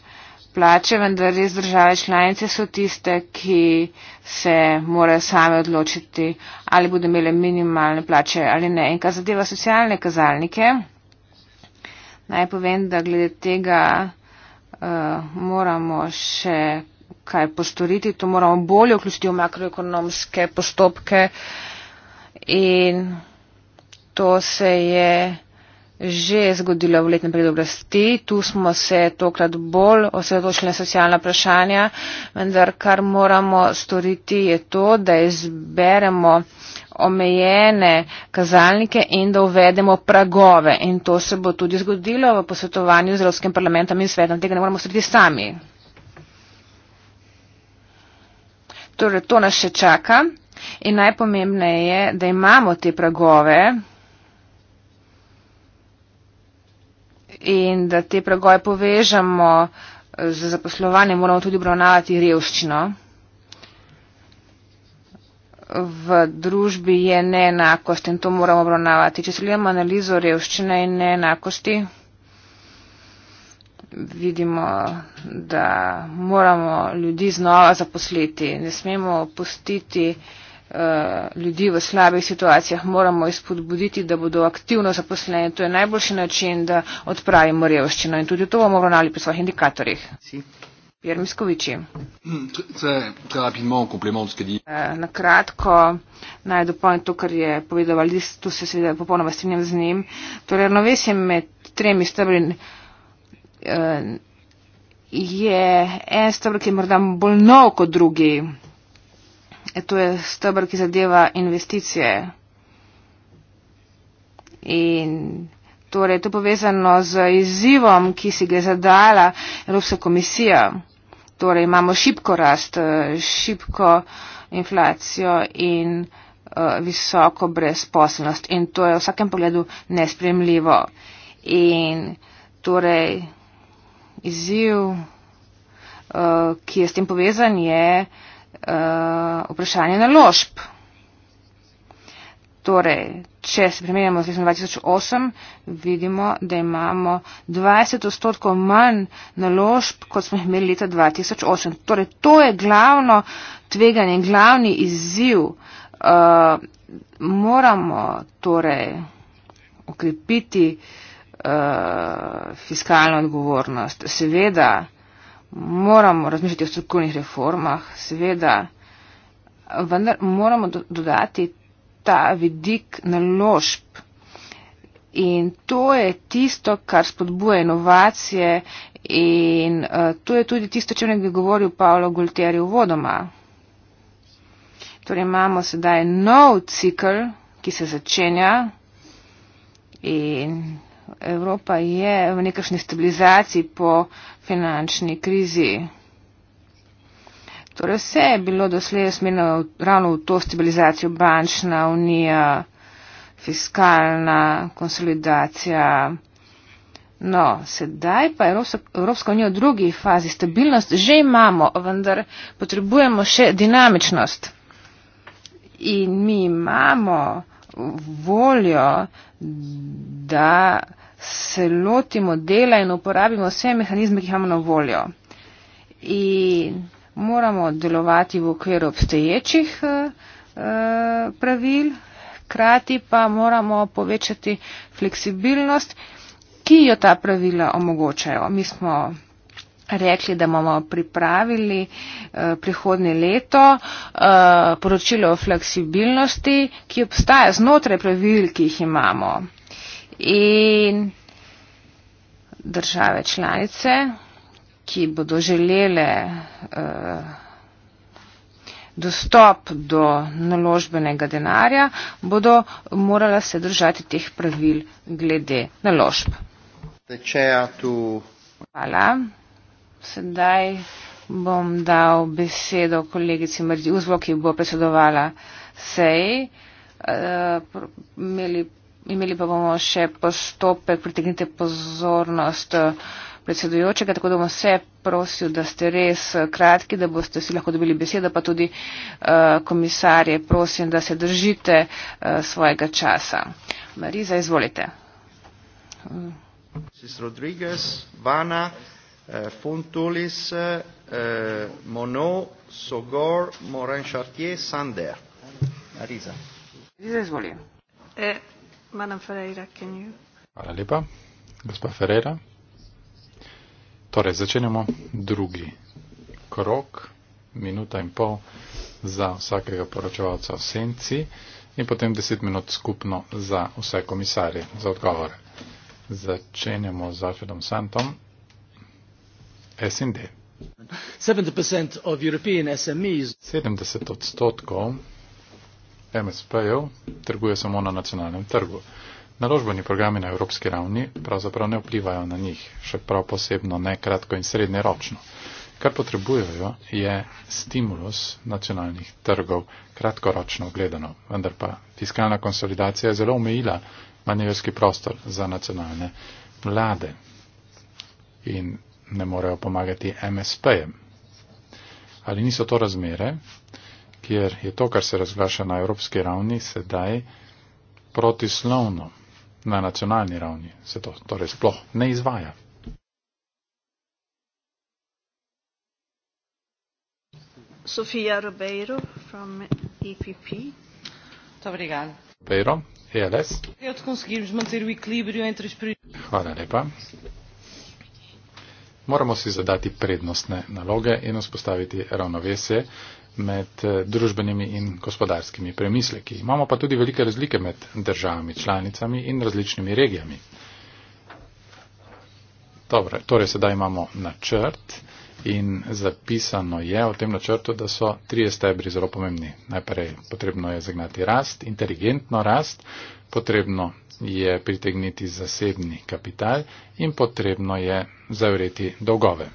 plače, vendar res države članice so tiste, ki se morajo same odločiti, ali bodo imele minimalne plače ali ne. In kar zadeva socialne kazalnike, naj povem, da glede tega uh, moramo še kaj postoriti, to moramo bolje vključiti v makroekonomske postopke in to se je že zgodilo v letnem predu oblasti. Tu smo se tokrat bolj osredotočili na socialna vprašanja, vendar kar moramo storiti je to, da izberemo omejene kazalnike in da uvedemo pragove. In to se bo tudi zgodilo v posvetovanju z Evropskim parlamentom in svetom. Tega ne moramo storiti sami. Torej, to nas še čaka. In najpomembneje je, da imamo te pragove in da te pregoje povežamo z zaposlovanjem, moramo tudi obravnavati revščino. V družbi je neenakost in to moramo obravnavati. Če sledimo analizo revščine in neenakosti, vidimo, da moramo ljudi znova zaposliti. Ne smemo pustiti uh, Eh, ljudi v slabih situacijah moramo izpodbuditi, da bodo aktivno zaposleni. To je najboljši način, da odpravimo revščino in tudi to bomo ravnali pri svojih indikatorjih. Hmm, eh, na kratko naj dopolnim to, kar je povedal Valdis, tu se seveda popolnoma strinjam z njim. Torej, ravnovesje med tremi stebri eh, je en stebr, ki je morda bolj nov kot drugi. E, to je stebr, ki zadeva investicije. In torej, to je povezano z izzivom, ki si ga je zadala Evropska komisija. Torej, imamo šibko rast, eh, šibko inflacijo in eh, visoko brezposelnost. In to je v vsakem pogledu nespremljivo. In torej, izziv, eh, ki je s tem povezan, je uh, Eh, vprašanje naložb. Torej, če se primerjamo z letom 2008, vidimo, da imamo 20 odstotkov manj naložb, kot smo imeli leta 2008. Torej, to je glavno tveganje, glavni izziv. Uh, moramo torej okrepiti uh, fiskalno odgovornost. Seveda, moramo razmišljati o strukturnih reformah, seveda, vendar moramo do, dodati ta vidik naložb. In to je tisto, kar spodbuje inovacije in uh, to je tudi tisto, če nekdo govoril Paolo Gulteri v vodoma. Torej imamo sedaj nov cikl, ki se začenja in Evropa je v nekakšni stabilizaciji po finančni krizi. Torej vse je bilo doslej smerno ravno v to stabilizacijo bančna unija, fiskalna konsolidacija. No, sedaj pa Evropska, Evropska unija v drugi fazi stabilnost že imamo, vendar potrebujemo še dinamičnost. In mi imamo voljo, da se lotimo dela in uporabimo vse mehanizme, ki imamo na voljo. In moramo delovati v okviru obstoječih eh, pravil, krati pa moramo povečati fleksibilnost, ki jo ta pravila omogočajo. Mi smo rekli, da bomo pripravili eh, prihodnje leto eh, poročilo o fleksibilnosti, ki obstaja znotraj pravil, ki jih imamo. In države članice, ki bodo želele eh, dostop do naložbenega denarja, bodo morala se držati teh pravil glede naložb. Hvala. Sedaj bom dal besedo kolegici Mrdi Uzvo, ki bo predsedovala sej. Eh, imeli, imeli pa bomo še postopek, pritegnite pozornost eh, predsedujočega, tako da bom vse prosil, da ste res eh, kratki, da boste si lahko dobili besedo, pa tudi komisarje prosim, da se držite svojega časa. Mariza, izvolite. Sis Rodriguez, Vana, Eh, Funtulis, eh, eh, Monod, Sogor, Morin Chartier, Sander. Arisa. Arisa, izvolite. Eh, Madame Ferreira, can you? Hvala lepa, gospa Ferreira. Torej, začenjamo drugi krok, minuta in pol za vsakega poročevalca v senci in potem deset minut skupno za vse komisarje za odgovore. Začenjamo z Alfredom Santom. SND. 70 odstotkov MSP-jev trguje samo na nacionalnem trgu. Naložbeni programi na evropski ravni pravzaprav ne vplivajo na njih, še prav posebno ne kratko in srednje ročno. Kar potrebujejo je stimulus nacionalnih trgov kratkoročno gledano, vendar pa fiskalna konsolidacija je zelo omejila manevrski prostor za nacionalne vlade. In ne morejo pomagati MSP-jem. Ali niso to razmere, kjer je to, kar se razglaša na evropski ravni, sedaj protislovno na nacionalni ravni, se to torej sploh ne izvaja. Sofija Robeiro from EPP. Obrigado. Robeiro, ELS. Eu te conseguimos manter o equilíbrio entre os prioridades. Hvala lepa. Moramo si zadati prednostne naloge in vzpostaviti ravnovesje med eh, družbenimi in gospodarskimi premisleki. Imamo pa tudi velike razlike med državami, članicami in različnimi regijami. Dobre, torej sedaj imamo načrt in zapisano je v tem načrtu, da so trije stebri zelo pomembni. Najprej potrebno je zagnati rast, inteligentno rast, potrebno je pritegniti zasebni kapital in potrebno je zavreti dolgove.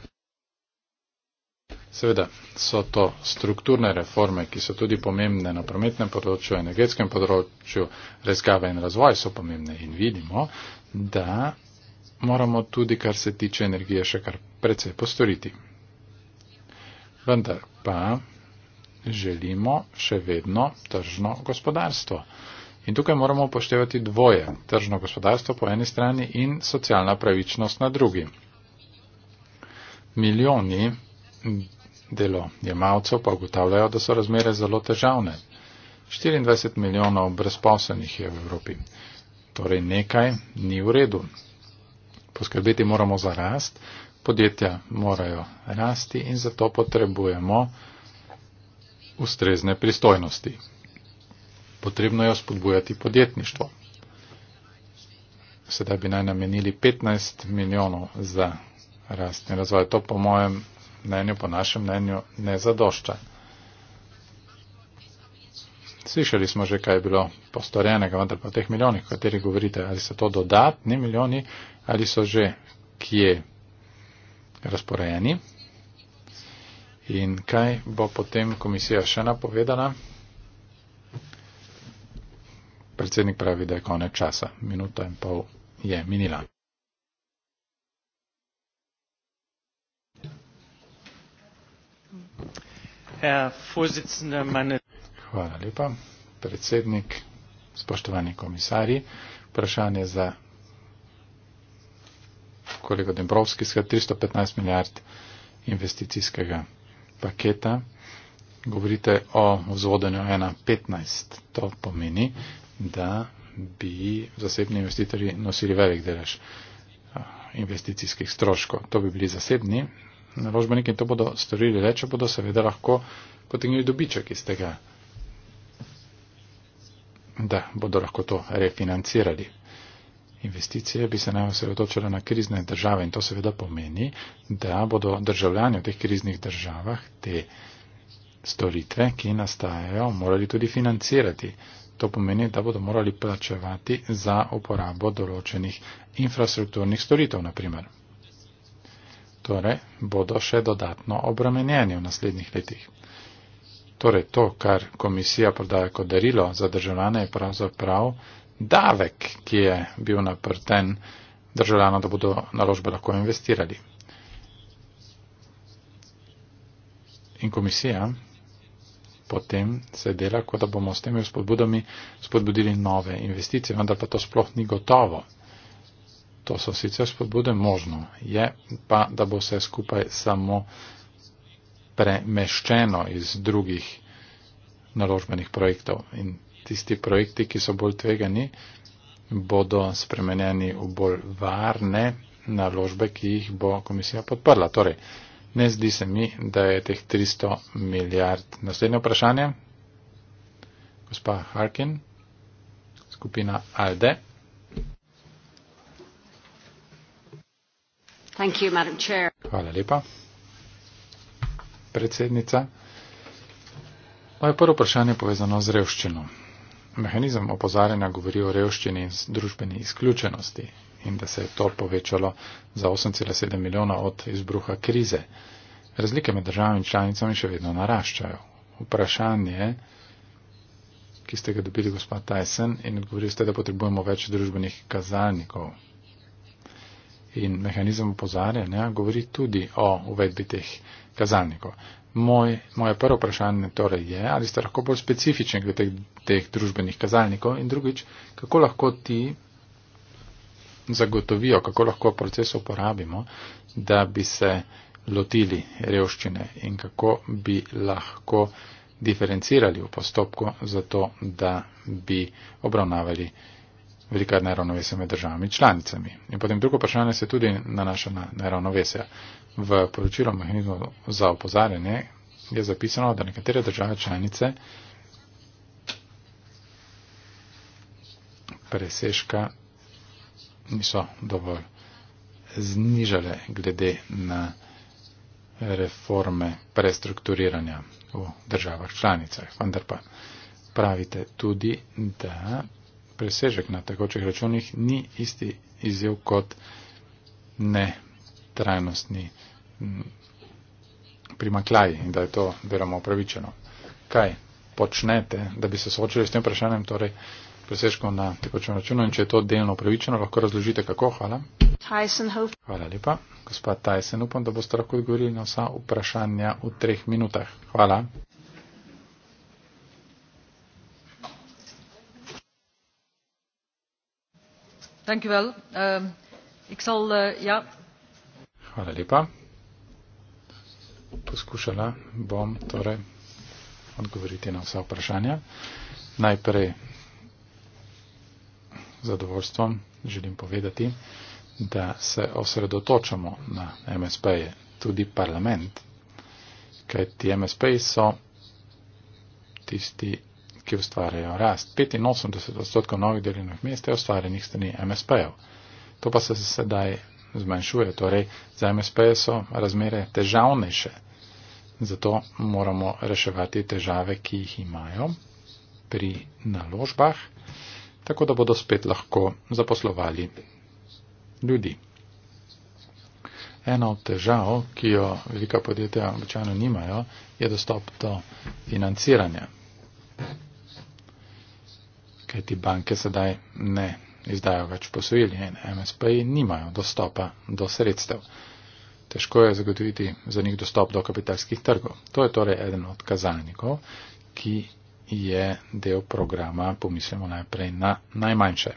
Seveda so to strukturne reforme, ki so tudi pomembne na prometnem področju, energetskem področju, razgava in razvoj so pomembne in vidimo, da moramo tudi, kar se tiče energije, še kar precej postoriti. Vendar pa želimo še vedno tržno gospodarstvo. In tukaj moramo upoštevati dvoje, tržno gospodarstvo po eni strani in socialna pravičnost na drugi. Milijoni delojemalcev pa ugotavljajo, da so razmere zelo težavne. 24 milijonov brezposlenih je v Evropi. Torej nekaj ni v redu. Poskrbeti moramo za rast, podjetja morajo rasti in zato potrebujemo ustrezne pristojnosti potrebno je spodbujati podjetništvo. Sedaj bi naj namenili 15 milijonov za rast in razvoj. To po mojem mnenju, po našem mnenju, ne zadošča. Slišali smo že, kaj je bilo postorenega, vendar pa teh milijonih, o katerih govorite, ali so to dodatni milijoni, ali so že kje razporejeni. In kaj bo potem komisija še napovedala? predsednik pravi, da je konec časa. Minuta in pol je minila. Hvala lepa. Predsednik, spoštovani komisari, vprašanje za kolego Dembrovski, skrat 315 milijard investicijskega paketa. Govorite o vzvodanju 1.15, to pomeni, da bi zasebni investitorji nosili velik delež eh, investicijskih stroškov. To bi bili zasebni naložbeniki in to bodo storili le, če bodo seveda lahko potegnili dobiček iz tega, da bodo lahko to refinancirali. Investicije bi se naj osredotočile na krizne države in to seveda pomeni, da bodo državljani v teh kriznih državah te storitve, ki nastajajo, morali tudi financirati to pomeni, da bodo morali plačevati za uporabo določenih infrastrukturnih storitev, naprimer. Torej, bodo še dodatno obremenjeni v naslednjih letih. Torej, to, kar komisija prodaja kot darilo za državljane, je pravzaprav davek, ki je bil naprten državljano, da bodo naložbe lahko investirali. In komisija potem se dela, kot da bomo s temi spodbudami spodbudili nove investicije, vendar pa to sploh ni gotovo. To so sicer spodbude možno, je pa, da bo vse skupaj samo premeščeno iz drugih naložbenih projektov. In tisti projekti, ki so bolj tvegani, bodo spremenjeni v bolj varne naložbe, ki jih bo komisija podprla. Torej, Ne zdi se mi, da je teh 300 milijard. Naslednje vprašanje. Gospa Harkin, skupina ALDE. Thank you, Madam Chair. Hvala lepa, predsednica. Moje prvo vprašanje je povezano z revščino. Mehanizem opozarjanja govori o revščini in družbeni izključenosti in da se je to povečalo za 8,7 milijona od izbruha krize. Razlike med državami in članicami še vedno naraščajo. Vprašanje, ki ste ga dobili, gospod Tyson, in odgovorili ste, da potrebujemo več družbenih kazalnikov. In mehanizem upozarjanja govori tudi o uvedbi teh kazalnikov. Moj, moje prvo vprašanje torej je, ali ste lahko bolj specifični glede teh, teh družbenih kazalnikov in drugič, kako lahko ti zagotovijo, kako lahko proces uporabimo, da bi se lotili revščine in kako bi lahko diferencirali v postopku za to, da bi obravnavali velikarne ravnovese med državami članicami. In potem drugo vprašanje se tudi nanaša na, na ravnovesja. V poročilu mehanizmu za opozarjanje je zapisano, da nekatere države članice preseška niso dovolj znižale glede na reforme prestrukturiranja v državah članicah. Vendar pa pravite tudi, da presežek na takočih računih ni isti izjev kot ne trajnostni primaklaj in da je to veroma upravičeno. Kaj počnete, da bi se soočili s tem vprašanjem? Torej, presežkov na tekočem računu in če je to delno upravičeno, lahko razložite kako. Hvala. Hvala lepa. Gospa Tyson, upam, da boste lahko odgovorili na vsa vprašanja v treh minutah. Hvala. Thank you well. um, all, uh, eh, yeah. Ja. Hvala lepa. Poskušala bom torej odgovoriti na vsa vprašanja. Najprej zadovoljstvom želim povedati, da se osredotočamo na MSP-je, tudi parlament, kaj ti MSP-ji so tisti, ki ustvarjajo rast. 85 odstotkov novih delovnih mest je ustvarjenih strani MSP-jev. To pa se sedaj zmanjšuje. Torej, za MSP-je so razmere težavnejše. Zato moramo reševati težave, ki jih imajo pri naložbah tako da bodo spet lahko zaposlovali ljudi. Ena od težav, ki jo velika podjetja običajno nimajo, je dostop do financiranja. Kaj ti banke sedaj ne izdajo več posojil in MSP-ji nimajo dostopa do sredstev. Težko je zagotoviti za njih dostop do kapitalskih trgov. To je torej eden od kazalnikov, ki je del programa, pomislimo najprej na najmanjše.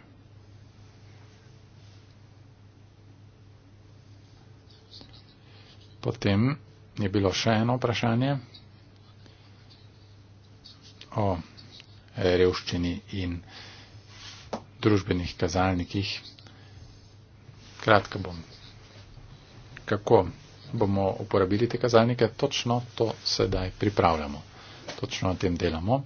Potem je bilo še eno vprašanje o revščini in družbenih kazalnikih. Kratka bom. Kako bomo uporabili te kazalnike? Točno to sedaj pripravljamo točno na tem delamo.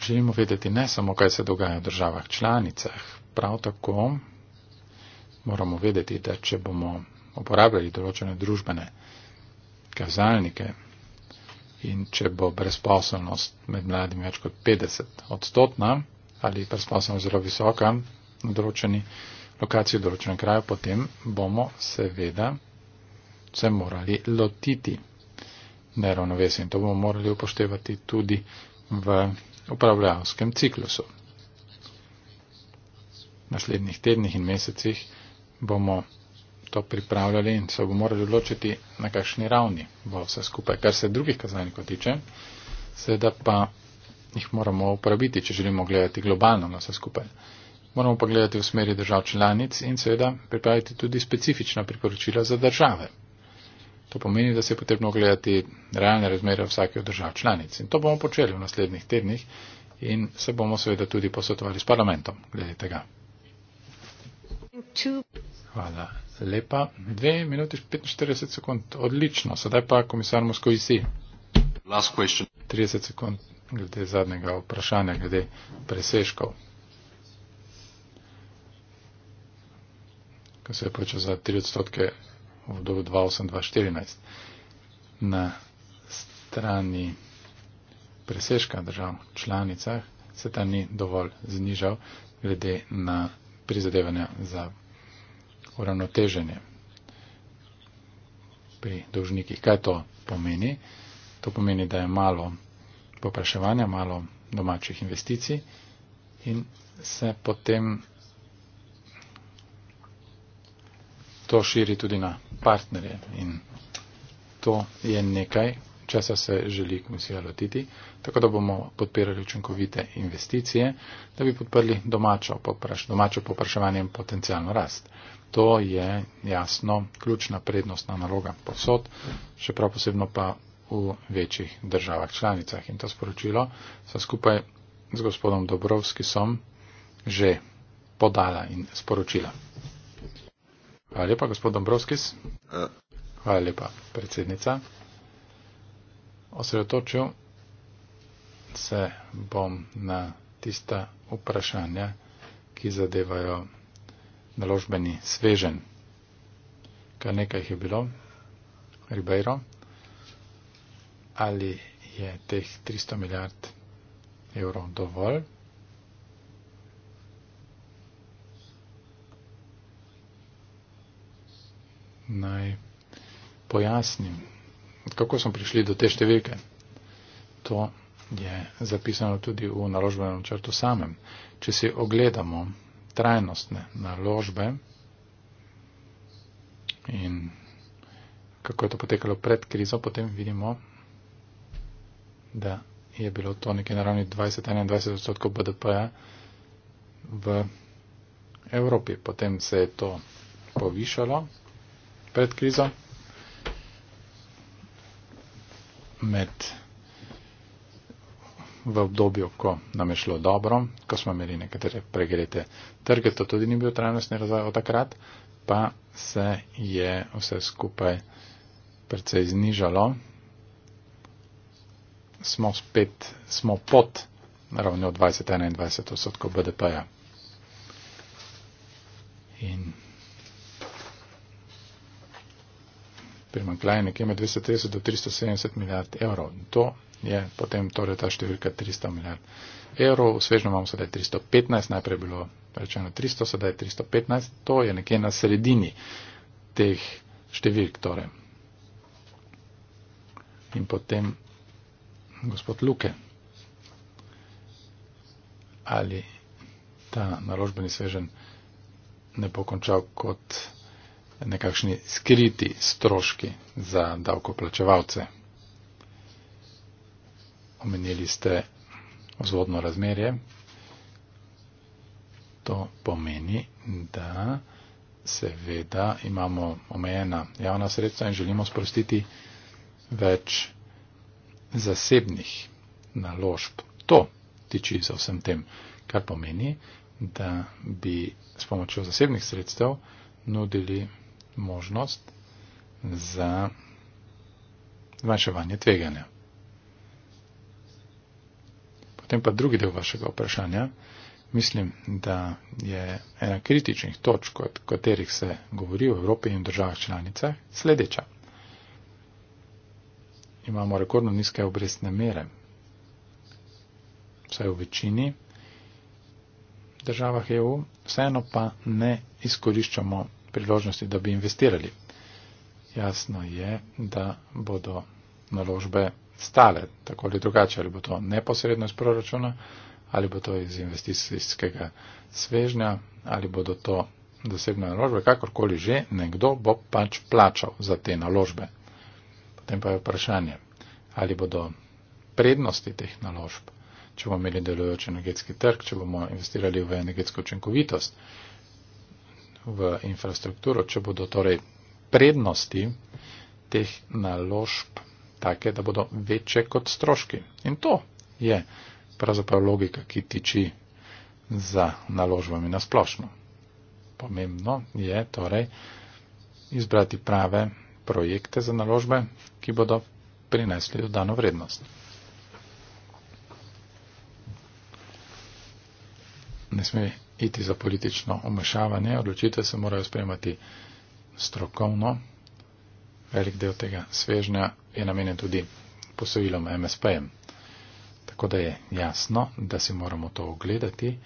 Želimo vedeti ne samo, kaj se dogaja v državah članicah, prav tako moramo vedeti, da če bomo uporabljali določene družbene kazalnike in če bo brezposobnost med mladimi več kot 50 odstotna ali brezposobnost zelo visoka na določeni lokaciji, določenem kraju, potem bomo seveda se morali lotiti neravnovesje in to bomo morali upoštevati tudi v upravljavskem ciklusu. V naslednjih tednih in mesecih bomo to pripravljali in se bomo morali odločiti na kakšni ravni bo vse skupaj, kar se drugih kazalnikov tiče, seveda pa jih moramo uporabiti, če želimo gledati globalno na vse skupaj. Moramo pa gledati v smeri držav članic in seveda pripraviti tudi specifična priporočila za države. To pomeni, da se je potrebno gledati realne razmere vsake od držav članic. In to bomo počeli v naslednjih tednih in se bomo seveda tudi posvetovali s parlamentom glede tega. Hvala lepa. Dve minuti 45 sekund. Odlično. Sedaj pa komisar Moskovici. 30 sekund glede zadnjega vprašanja, glede preseškov. Ko se je počel za 3 odstotke v obdobju 2008-2014 na strani presežka držav članicah se ta ni dovolj znižal glede na prizadevanja za uravnoteženje pri dolžnikih. Kaj to pomeni? To pomeni, da je malo popraševanja, malo domačih investicij in se potem to širi tudi na partnerje. In to je nekaj, česa se želi komisija lotiti, tako da bomo podpirali učinkovite investicije, da bi podprli domačo, popraš, domačo popraševanje in potencijalno rast. To je jasno ključna prednostna naloga posod, še prav posebno pa v večjih državah članicah. In to sporočilo so skupaj z gospodom Dobrovskisom že podala in sporočila. Hvala lepa, gospod Dombrovskis. Ja. Hvala lepa, predsednica. Osredotočil se bom na tista vprašanja, ki zadevajo naložbeni svežen. Kar nekaj jih je bilo, Ribeiro, ali je teh 300 milijard evrov dovolj? naj pojasnim, kako smo prišli do te številke. To je zapisano tudi v naložbenem načrtu samem. Če si ogledamo trajnostne naložbe in kako je to potekalo pred krizo, potem vidimo, da je bilo to nekaj na ravni 20-21 odstotkov BDP-ja v Evropi. Potem se je to povišalo pred krizo, med v obdobju, ko nam je šlo dobro, ko smo imeli nekatere pregrete trge, to tudi ni bil trajnostni razvoj od takrat, pa se je vse skupaj precej znižalo. Smo spet, smo pod ravnjo 20-21 odstotkov BDP-ja. In primankljaj nekje med 230 do 370 milijard evrov. To je potem torej ta številka 300 milijard evrov. Svežno imamo sedaj 315, najprej bilo rečeno 300, sedaj je 315. To je nekje na sredini teh številk torej. In potem gospod Luke. Ali ta naložbeni svežen ne bo končal kot nekakšni skriti stroški za davkoplačevalce. Omenili ste vzvodno razmerje. To pomeni, da seveda imamo omejena javna sredstva in želimo sprostiti več zasebnih naložb. To tiči za vsem tem, kar pomeni, da bi s pomočjo zasebnih sredstev nudili možnost za zmanjševanje tveganja. Potem pa drugi del vašega vprašanja. Mislim, da je ena kritičnih točk, od katerih se govori v Evropi in državah članicah, sledeča. Imamo rekordno nizke obrestne mere, vsaj v večini državah EU, vseeno pa ne izkoriščamo priložnosti, da bi investirali. Jasno je, da bodo naložbe stale, tako ali drugače, ali bo to neposredno iz proračuna, ali bo to iz investicijskega svežnja, ali bodo to zasebne naložbe, kakorkoli že, nekdo bo pač plačal za te naložbe. Potem pa je vprašanje, ali bodo prednosti teh naložb, če bomo imeli delujoč energetski trg, če bomo investirali v energetsko učinkovitost, v infrastrukturo, če bodo torej prednosti teh naložb take, da bodo večje kot stroški. In to je pravzaprav logika, ki tiči za naložbami na splošno. Pomembno je torej izbrati prave projekte za naložbe, ki bodo prinesli dodano vrednost. Ne sme iti za politično umešavanje, odločitve se morajo sprejemati strokovno. Velik del tega svežnja je namenjen tudi posojilom MSP-jem. Tako da je jasno, da si moramo to ogledati,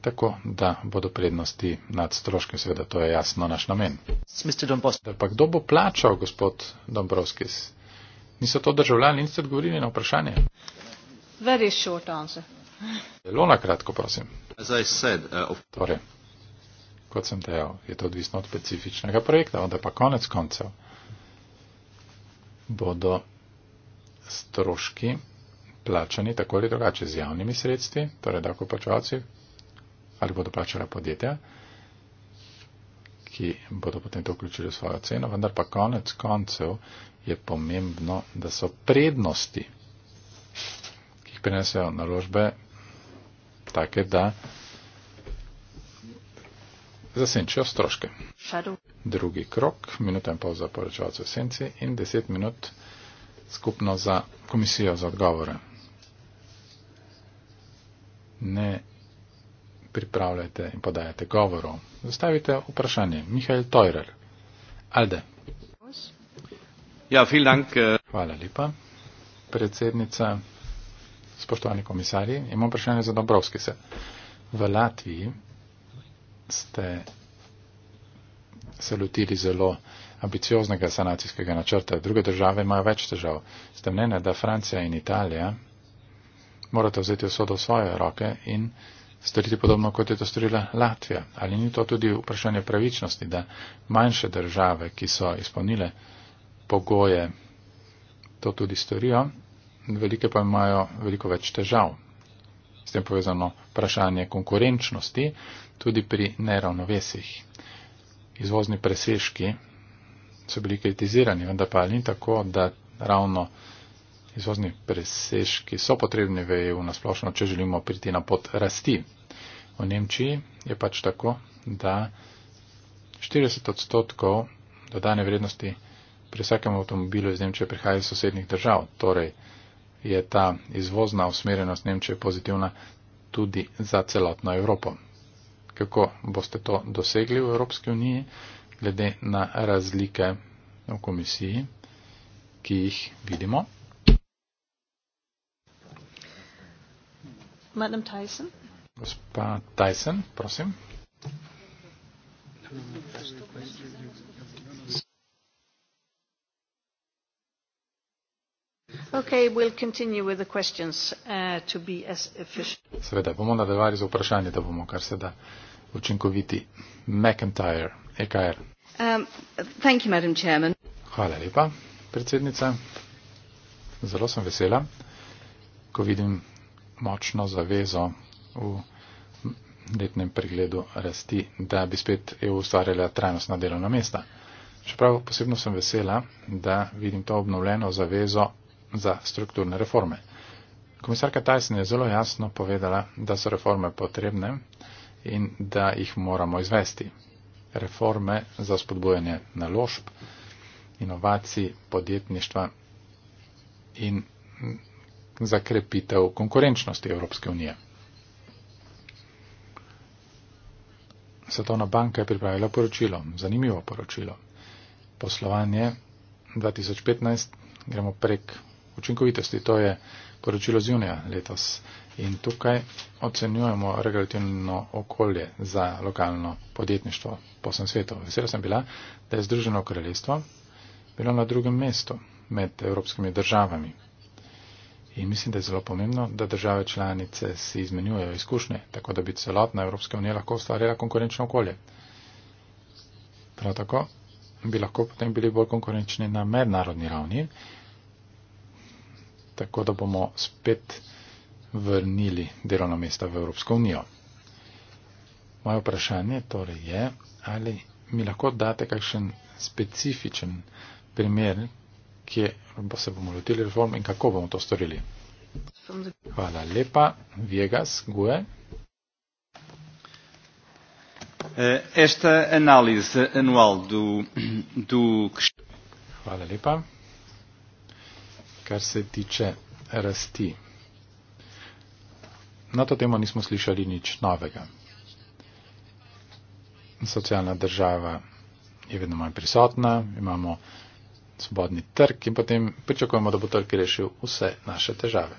tako da bodo prednosti nad stroške, seveda to je jasno naš namen. Pa kdo bo plačal, gospod Dombrovskis? Niso to državljani, niste odgovorili na vprašanje. Very short answer. Zelo na kratko, prosim. Said, uh, of... Torej, kot sem dejal, je to odvisno od specifičnega projekta, onda pa konec koncev bodo stroški plačani tako ali drugače z javnimi sredstvi, torej da kopačevalci ali bodo plačala podjetja, ki bodo potem to vključili v svojo ceno, vendar pa konec koncev je pomembno, da so prednosti, ki jih prinesejo naložbe, take, da zasenčijo stroške. Drugi krok, minuta in pol za poročevalce v senci in deset minut skupno za komisijo za odgovore. Ne pripravljajte in podajate govorov. Zastavite vprašanje. Mihajl Teurer. Alde. Ja, vielen Dank. Eh. Hvala lepa, predsednica spoštovani komisarji, imam vprašanje za Dobrovski se. V Latviji ste se lotili zelo ambicioznega sanacijskega načrta. Druge države imajo več težav. Ste mnenja, da Francija in Italija morate vzeti vso do svoje roke in storiti podobno, kot je to storila Latvija. Ali ni to tudi vprašanje pravičnosti, da manjše države, ki so izpolnile pogoje, to tudi storijo velike pa imajo veliko več težav. S tem povezano vprašanje konkurenčnosti tudi pri neravnovesih. Izvozni presežki so bili kritizirani, vendar pa ni tako, da ravno izvozni presežki so potrebni v EU nasplošno, če želimo priti na pot rasti. V Nemčiji je pač tako, da 40 odstotkov dodane vrednosti pri vsakem avtomobilu iz Nemčije prihaja iz sosednjih držav. Torej, je ta izvozna usmerjenost Nemčije pozitivna tudi za celotno Evropo. Kako boste to dosegli v Evropski uniji, glede na razlike v komisiji, ki jih vidimo? Tyson. Gospa Tyson, prosim. Okay, we'll continue with the questions uh, to be as efficient. Seveda, bomo nadaljevali z vprašanjem, da bomo kar se da učinkoviti. McIntyre, EKR. Um, thank you, Madam Chairman. Hvala lepa, predsednica. Zelo sem vesela, ko vidim močno zavezo v letnem pregledu rasti, da bi spet EU ustvarjala trajnostna delovna mesta. Čeprav posebno sem vesela, da vidim to obnovljeno zavezo za strukturne reforme. Komisarka Tyson je zelo jasno povedala, da so reforme potrebne in da jih moramo izvesti. Reforme za spodbujanje naložb, inovacij, podjetništva in zakrepitev konkurenčnosti Evropske unije. Svetovna banka je pripravila poročilo, zanimivo poročilo. Poslovanje 2015 gremo prek učinkovitosti. To je poročilo z junija letos. In tukaj ocenjujemo regulativno okolje za lokalno podjetništvo po vsem svetu. Vesela sem bila, da je Združeno kraljestvo bilo na drugem mestu med evropskimi državami. In mislim, da je zelo pomembno, da države članice si izmenjujejo izkušnje, tako da bi celotna Evropska unija lahko ustvarjala konkurenčno okolje. Prav tako bi lahko potem bili bolj konkurenčni na mednarodni ravni, tako da bomo spet vrnili delovna mesta v Evropsko unijo. Moje vprašanje torej je, ali mi lahko date kakšen specifičen primer, kje bo se bomo lotili reform in kako bomo to storili. Hvala lepa. Viegas, Gue. Eh, esta análise anual do, do... Hvala lepa kar se tiče rasti. Na to temo nismo slišali nič novega. Socialna država je vedno manj prisotna, imamo svobodni trg in potem pričakujemo, da bo trg rešil vse naše težave.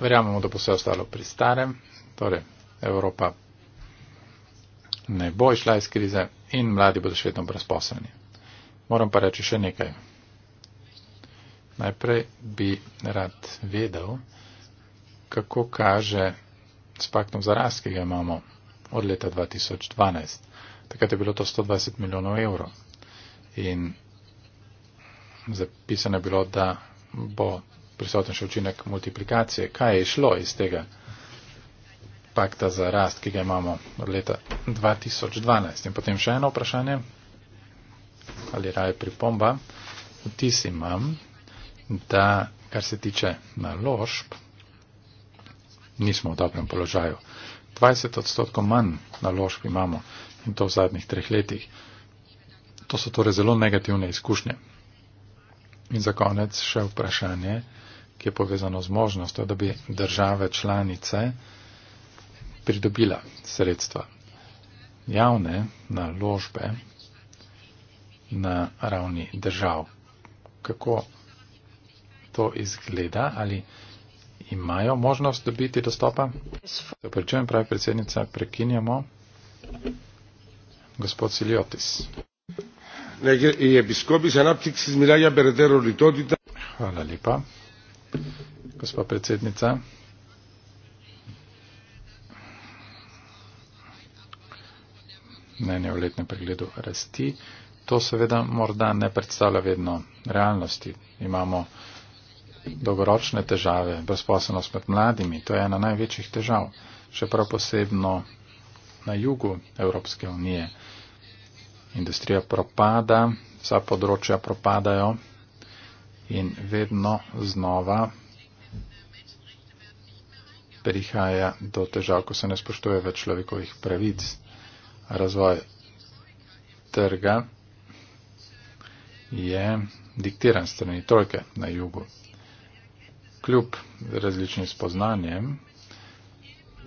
Verjamemo, da bo vse ostalo pri starem, torej Evropa ne bo išla iz krize in mladi bodo še vedno brezposobni. Moram pa reči še nekaj. Najprej bi rad vedel, kako kaže s paktom za rast, ki ga imamo od leta 2012. Takrat je bilo to 120 milijonov evrov in zapisano je bilo, da bo prisoten še učinek multiplikacije. Kaj je išlo iz tega pakta za rast, ki ga imamo od leta 2012? In potem še eno vprašanje, ali raje pripomba, vtis imam, da kar se tiče naložb, nismo v dobrem položaju. 20 odstotkov manj naložb imamo in to v zadnjih treh letih. To so torej zelo negativne izkušnje. In za konec še vprašanje, ki je povezano z možnostjo, da bi države članice pridobila sredstva. Javne naložbe na ravni držav. Kako to izgleda, ali imajo možnost dobiti dostopa. Se pričujem, pravi predsednica, prekinjamo. Gospod Siliotis. Hvala lepa. Gospod predsednica. Mnenje o letnem pregledu rasti. To seveda morda ne predstavlja vedno realnosti. Imamo dolgoročne težave, brezposelnost med mladimi, to je ena največjih težav, še prav posebno na jugu Evropske unije. Industrija propada, vsa področja propadajo in vedno znova prihaja do težav, ko se ne spoštuje več človekovih pravic. Razvoj trga je diktiran strani trojke na jugu kljub različnim spoznanjem,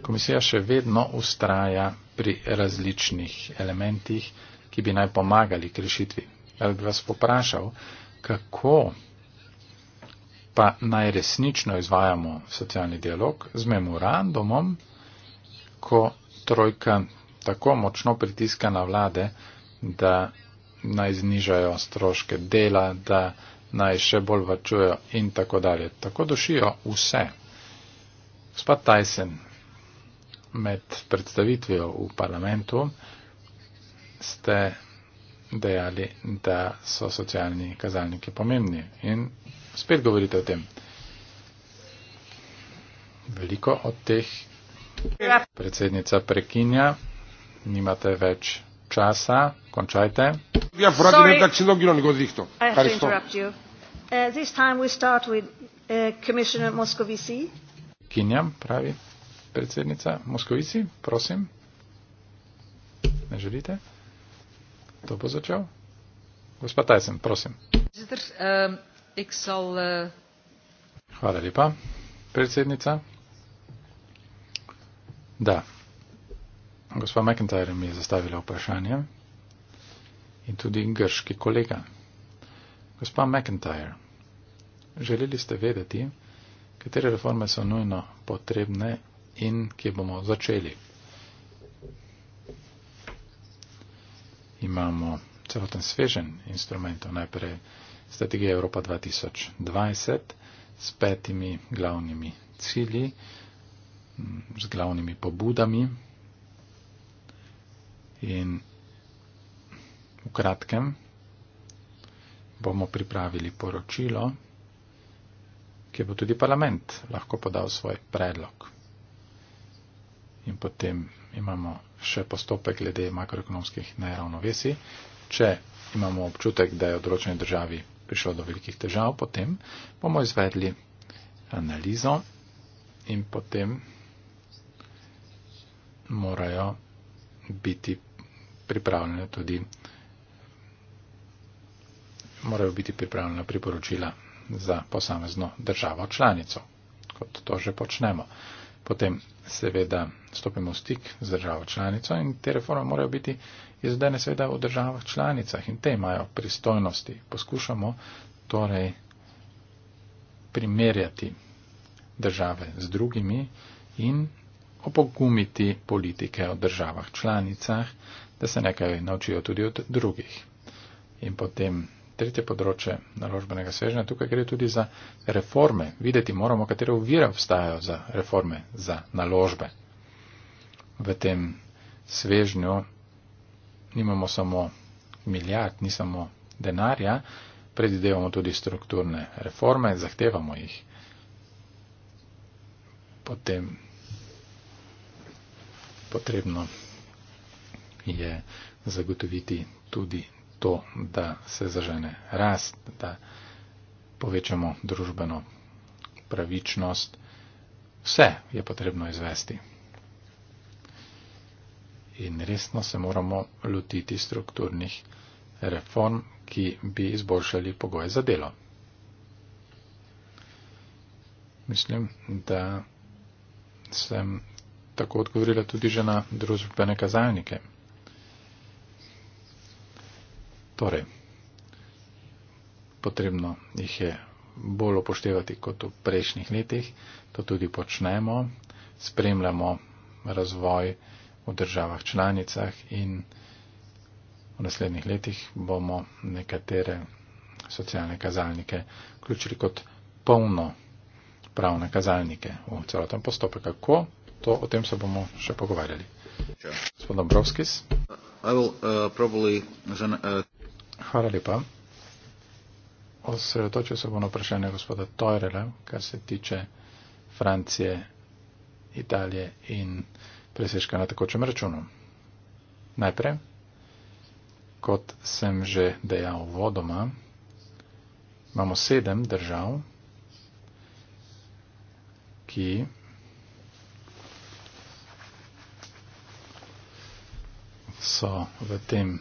komisija še vedno ustraja pri različnih elementih, ki bi naj pomagali k rešitvi. Jaz bi vas poprašal, kako pa naj resnično izvajamo socialni dialog z memorandumom, ko trojka tako močno pritiska na vlade, da naj znižajo stroške dela, da naj še bolj vrčujo in tako dalje. Tako dušijo vse. Gospod Tyson med predstavitvijo v parlamentu ste dejali, da so socialni kazalniki pomembni in spet govorite o tem. Veliko od teh predsednica prekinja, nimate več časa, končajte. Ja, Sorry. Ne, da, če logiro, ne I have to interrupt you. Uh, uh, Kinja, pravi predsednica Moskovici, prosim. Ne želite? To bo začel. Gospa Tyson, prosim. Ehm, eh, Hvala lepa, predsednica. Da, gospa McIntyre mi je zastavila vprašanje in tudi grški kolega Gospa McIntyre, želeli ste vedeti, katere reforme so nujno potrebne in kje bomo začeli. Imamo celoten svežen instrumentov, najprej strategija Evropa 2020 s petimi glavnimi cilji, s glavnimi pobudami in v kratkem bomo pripravili poročilo, ki bo tudi parlament lahko podal svoj predlog. In potem imamo še postopek glede makroekonomskih neravnovesij. Če imamo občutek, da je v določeni državi prišlo do velikih težav, potem bomo izvedli analizo in potem morajo biti pripravljene tudi morajo biti pripravljena priporočila za posamezno državo članico, kot to že počnemo. Potem seveda stopimo v stik z državo članico in te reforme morajo biti izvedene seveda v državah članicah in te imajo pristojnosti. Poskušamo torej primerjati države z drugimi in opogumiti politike o državah članicah, da se nekaj naučijo tudi od drugih. In potem tretje področje naložbenega svežnja, tukaj gre tudi za reforme. Videti moramo, katere uvire obstajajo za reforme, za naložbe. V tem svežnju nimamo samo milijard, ni samo denarja, predvidevamo tudi strukturne reforme, zahtevamo jih. Potem potrebno je zagotoviti tudi to, da se zažene rast, da povečamo družbeno pravičnost. Vse je potrebno izvesti. In resno se moramo lotiti strukturnih reform, ki bi izboljšali pogoje za delo. Mislim, da sem tako odgovorila tudi že na družbene kazalnike. Torej, potrebno jih je bolj upoštevati kot v prejšnjih letih, to tudi počnemo, spremljamo razvoj v državah članicah in v naslednjih letih bomo nekatere socialne kazalnike vključili kot polno pravne kazalnike v celoten postopek. Kako? To, o tem se bomo še pogovarjali. Gospod Dobrovskis. Hvala lepa. Osredotočil se bom na vprašanje gospoda Tojrela, kar se tiče Francije, Italije in preseška na takočem računu. Najprej, kot sem že dejal vodoma, imamo sedem držav, ki so v tem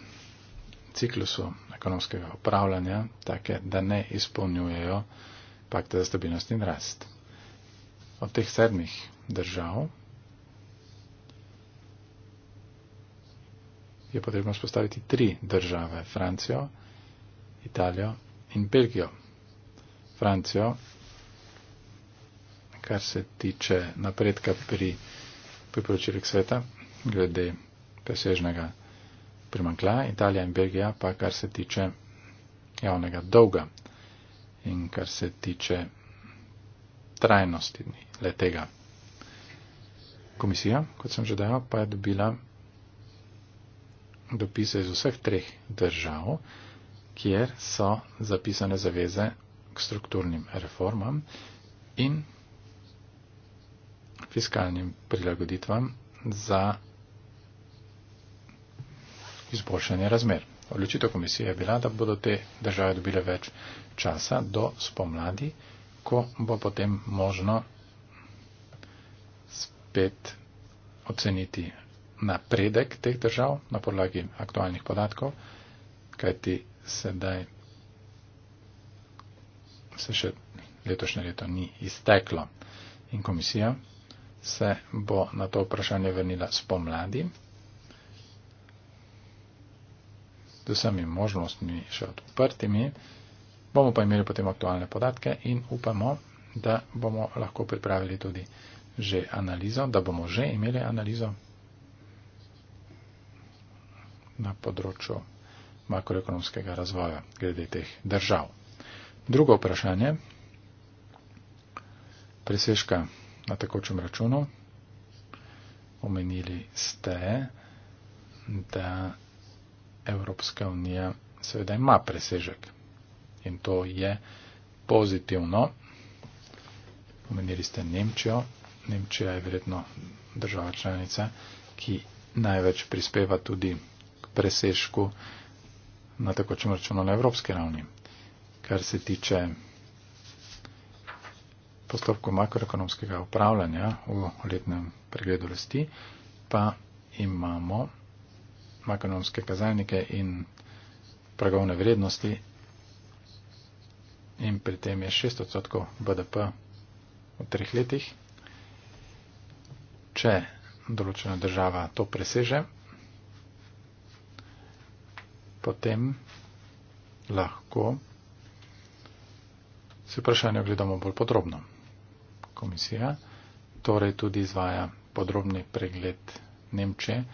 ciklusu ekonomskega upravljanja, take, da ne izpolnjujejo pakta za stabilnost in rast. Od teh sedmih držav je potrebno spostaviti tri države, Francijo, Italijo in Belgijo. Francijo, kar se tiče napredka pri priporočilih sveta, glede presežnega primankljaj Italija in Belgija, pa kar se tiče javnega dolga in kar se tiče trajnosti letega. Komisija, kot sem že dejal, pa je dobila dopise iz vseh treh držav, kjer so zapisane zaveze k strukturnim reformam in fiskalnim prilagoditvam za izboljšanje razmer. Odločitev komisije je bila, da bodo te države dobile več časa do spomladi, ko bo potem možno spet oceniti napredek teh držav na podlagi aktualnih podatkov, kajti sedaj se še letošnje leto ni izteklo in komisija se bo na to vprašanje vrnila spomladi. z vsemi možnostmi še odprtimi. Bomo pa imeli potem aktualne podatke in upamo, da bomo lahko pripravili tudi že analizo, da bomo že imeli analizo na področju makroekonomskega razvoja glede teh držav. Drugo vprašanje. Presežka na tekočem računu. Omenili ste, da Evropska unija seveda ima presežek. In to je pozitivno. Omenili ste Nemčijo. Nemčija je verjetno država članica, ki največ prispeva tudi k presežku na takočem računu na evropski ravni. Kar se tiče postopkov makroekonomskega upravljanja v letnem pregledu rasti, pa imamo makronomske kazalnike in pragovne vrednosti in pri tem je 6 odstotkov BDP v treh letih. Če določena država to preseže, potem lahko se vprašanje ogledamo bolj podrobno. Komisija torej tudi izvaja podrobni pregled Nemčeje,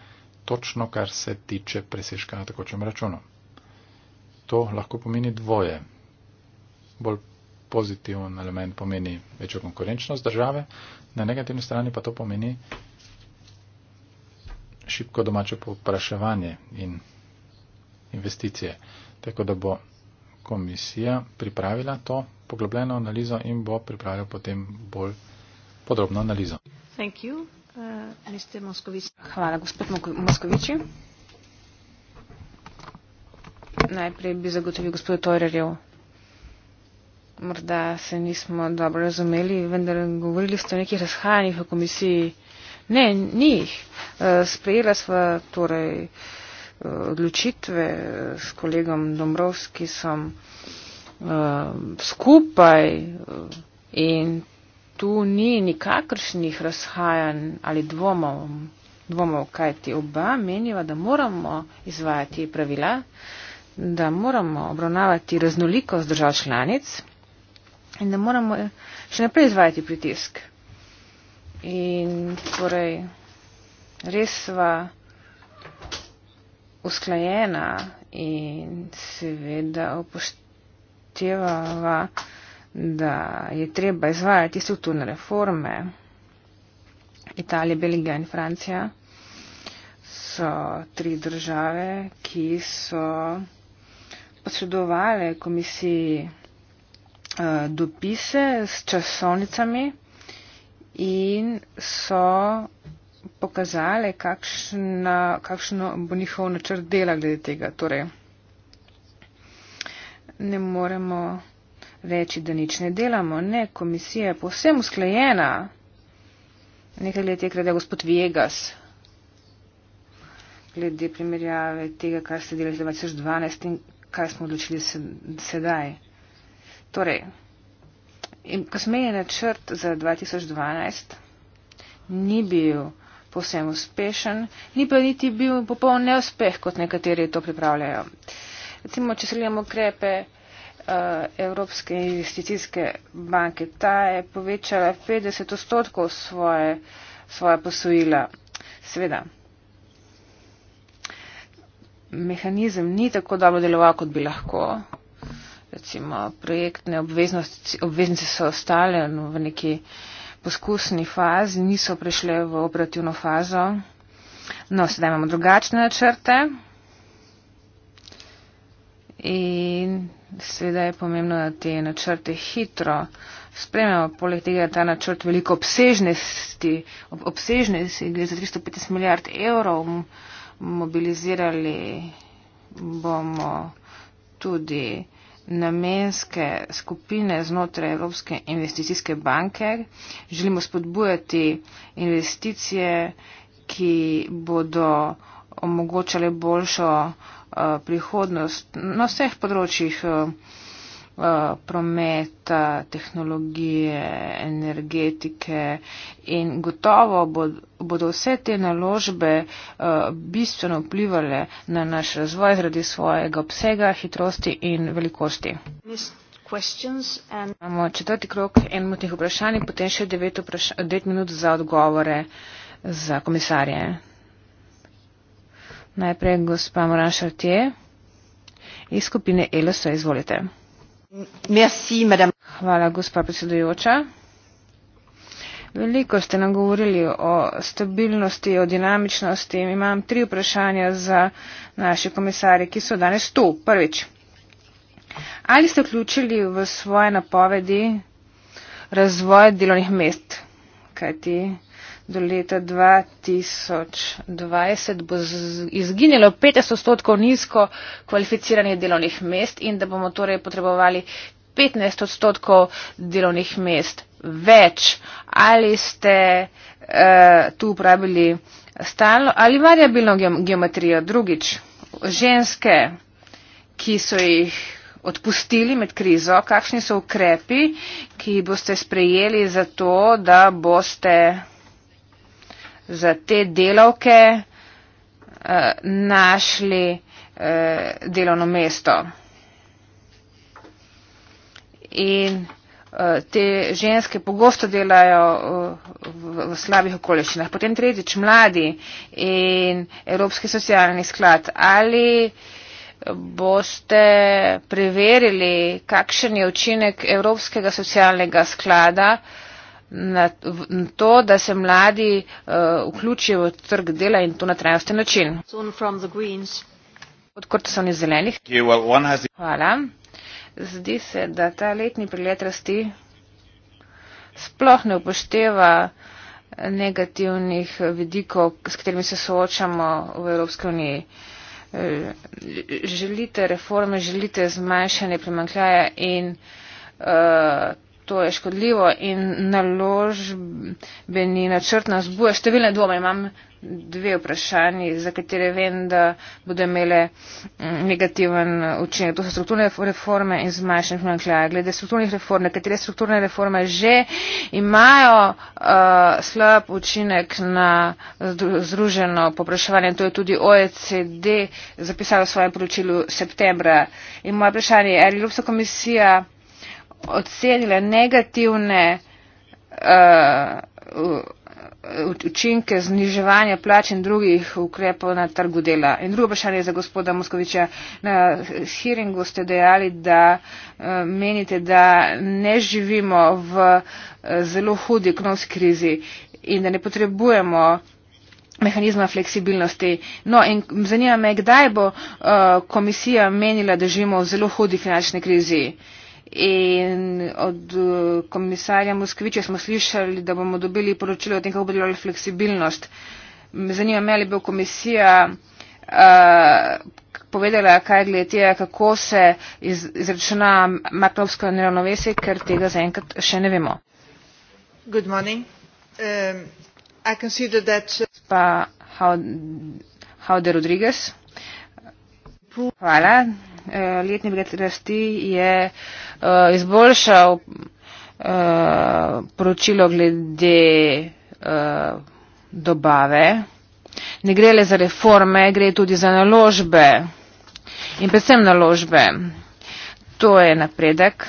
točno, kar se tiče presežka na takočem računu. To lahko pomeni dvoje. Bolj pozitiven element pomeni večjo konkurenčnost države, na negativni strani pa to pomeni šibko domače popraševanje in investicije. Tako da bo komisija pripravila to poglobljeno analizo in bo pripravila potem bolj podrobno analizo. Thank you. Hvala, gospod Moskoviči. Najprej bi zagotovil gospodu Torerjev. Morda se nismo dobro razumeli, vendar govorili ste o nekih razhajanjih v komisiji. Ne, ni jih. E, sprejela sva torej e, odločitve s kolegom Dombrovskim, e, skupaj in tu ni nikakršnih razhajanj ali dvomov, dvomov kaj ti oba menjiva, da moramo izvajati pravila, da moramo obravnavati raznolikost držav članic in da moramo še naprej izvajati pritisk. In torej res sva usklajena in seveda upoštevava da je treba izvajati strukturne reforme. Italija, Belgija in Francija so tri države, ki so posredovali komisiji uh, dopise s časovnicami in so pokazali, kakšna, kakšno bo njihov načrt dela glede tega. Torej, ne moremo reči, da nič ne delamo. Ne, komisija je povsem usklajena. Nekaj let je kradel gospod Viegas. Glede primerjave tega, kar ste delali z 2012 in kaj smo odločili sedaj. Torej, kasmejen načrt za 2012 ni bil povsem uspešen, ni pa niti bil popoln neuspeh, kot nekateri to pripravljajo. Recimo, če sledimo ukrepe Eh, Evropske investicijske banke. Ta je povečala 50 odstotkov svoje, svoje posojila. Sveda, mehanizem ni tako dobro deloval, kot bi lahko. Recimo, projektne obveznice so ostale v neki poskusni fazi, niso prešle v operativno fazo. No, sedaj imamo drugačne načrte. In seveda je pomembno, da te načrte hitro spremljamo. Poleg tega je ta načrt veliko obsežnosti, ob, obsežnosti gre za 350 milijard evrov, mobilizirali bomo tudi namenske skupine znotraj Evropske investicijske banke. Želimo spodbujati investicije, ki bodo omogočale boljšo Eh, prihodnost na vseh področjih eh, eh, prometa, tehnologije, energetike in gotovo bodo vse te naložbe bistveno vplivali na naš razvoj zaradi svojega obsega, hitrosti in velikosti. Imamo četrti krok enotnih vprašanj in potem še devet minut za odgovore za komisarje. Najprej gospa Morašartje iz skupine ELOSO, izvolite. Merci, Hvala, gospa predsedujoča. Veliko ste nam govorili o stabilnosti, o dinamičnosti. Imam tri vprašanja za naše komisarje, ki so danes tu. Prvič, ali ste vključili v svoje napovedi razvoj delovnih mest? Kajti do leta 2020 bo izginilo 50 odstotkov nizko kvalificiranih delovnih mest in da bomo torej potrebovali 15 odstotkov delovnih mest več. Ali ste uh, tu uporabili stalno ali variabilno geometrijo? Drugič, ženske, ki so jih odpustili med krizo, kakšni so ukrepi, ki boste sprejeli za to, da boste za te delavke uh, našli uh, delovno mesto. In eh, Te ženske pogosto delajo v, v, v slabih okoliščinah. Potem tretjič, mladi in Evropski socialni sklad. Ali boste preverili, kakšen je učinek Evropskega socialnega sklada uh, na to, da se mladi uh, vključijo v trg dela in to na trajnosten način. Odkud so oni zelenih? Hvala. Zdi se, da ta letni prilet rasti sploh ne upošteva negativnih vidikov, s katerimi se soočamo v Evropski uniji. Eh, želite reforme, želite zmanjšanje primankljaja in uh, to je škodljivo in naložbeni načrt nas buja številne dvome. Imam dve vprašanji, za katere vem, da bodo imele mm, negativen učinek. To so strukturne reforme in zmanjšanje finančnega. Glede strukturnih reform, nekatere strukturne reforme že imajo uh, slab učinek na združeno popraševanje. To je tudi OECD zapisalo v svojem poročilu septembra. In moja vprašanje je, ali Evropska komisija ocenile negativne uh, učinke zniževanja plač in drugih ukrepov na trgu dela. In drugo vprašanje za gospoda Moskoviča. Na hearingu ste dejali, da uh, menite, da ne živimo v uh, zelo hudi ekonomski krizi in da ne potrebujemo mehanizma fleksibilnosti. No in zanima me, kdaj bo uh, komisija menila, da živimo v zelo hudi finančni krizi. Uh, In od eh, komisarja Moskviča smo slišali, da bomo dobili poročilo o tem, kako bodo delali fleksibilnost. Zanima me, ali bo komisija uh, povedala, kaj glede tega, kako se iz, izračuna makrovsko neravnovesje, ker tega zaenkrat še ne vemo. Um, uh, Gospa um, Haude Rodriguez. Hvala. Uh, letni bilet rasti je. Eh, izboljšal eh, poročilo glede eh, dobave. Ne gre le za reforme, gre tudi za naložbe in predvsem naložbe. To je napredek.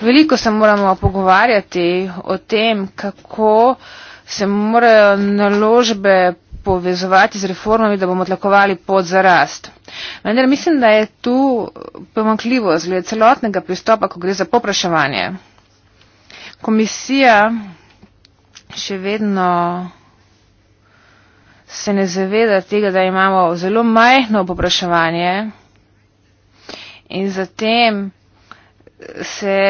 Veliko se moramo pogovarjati o tem, kako se morajo naložbe povezovati z reformami, da bomo tlakovali pot za rast. Vendar mislim, da je tu pomankljivost glede celotnega pristopa, ko gre za popraševanje. Komisija še vedno se ne zaveda tega, da imamo zelo majhno popraševanje in zatem se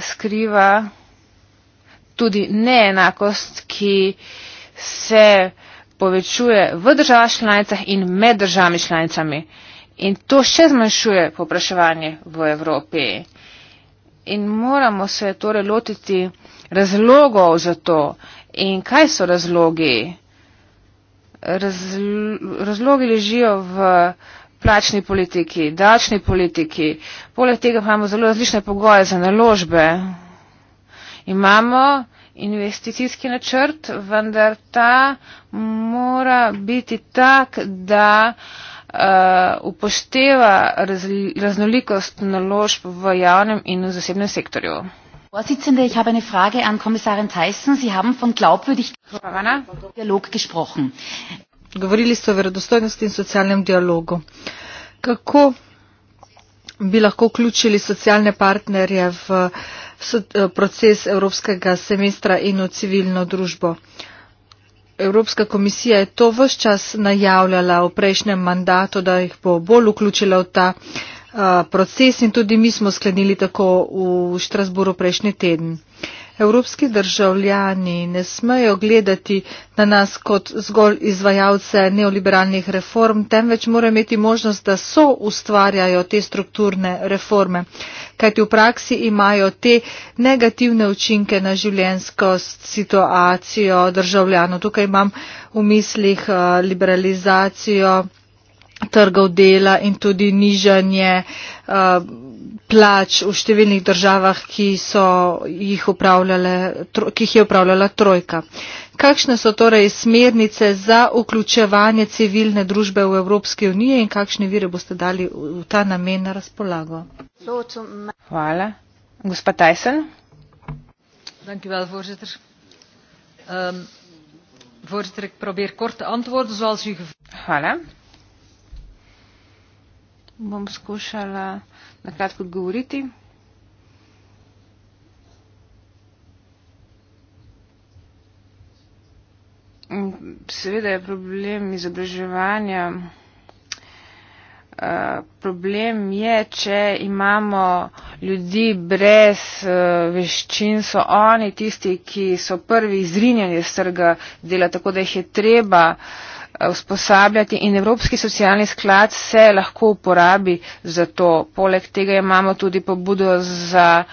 skriva tudi neenakost, ki se povečuje v državah članicah in med državami članicami. In to še zmanjšuje popraševanje v Evropi. In moramo se torej lotiti razlogov za to. In kaj so razlogi? Razlo razlogi ležijo v plačni politiki, davčni politiki. Poleg tega imamo zelo različne pogoje za naložbe. Imamo investicijski načrt, vendar ta mora biti tak, da uh, upošteva raz, raznolikost naložb v javnem in v zasebnem sektorju. Vorsitzende, ich habe eine Frage an Kommissarin Theissen. Sie haben von glaubwürdigem Dialog gesprochen. Govorili ste o verodostojnosti in socialnem dialogu. Kako bi lahko vključili socialne partnerje v uh, Eh, proces evropskega semestra in v civilno družbo. Evropska komisija je to vse čas najavljala v prejšnjem mandatu, da jih bo bolj vključila v ta uh, proces in tudi mi smo sklenili tako v Štrasburu prejšnji teden evropski državljani ne smejo gledati na nas kot zgolj izvajalce neoliberalnih reform, temveč morajo imeti možnost, da so ustvarjajo te strukturne reforme, kajti v praksi imajo te negativne učinke na življensko situacijo državljanov. Tukaj imam v mislih eh, liberalizacijo trgov dela in tudi nižanje eh, plač v številnih državah, ki, so jih tro, ki jih je upravljala trojka. Kakšne so torej smernice za vključevanje civilne družbe v Evropske unije in kakšne vire boste dali v ta namen na razpolago? Hvala. Gospa Tyson. Ehm, Hvala bom skušala nakratko govoriti. Seveda je problem izobraževanja. Eh, problem je, če imamo ljudi brez eh, veščin, so oni tisti, ki so prvi izrinjeni z trga dela, tako da jih je treba uh, usposabljati in Evropski socialni sklad se lahko uporabi za to. Poleg tega imamo tudi pobudo za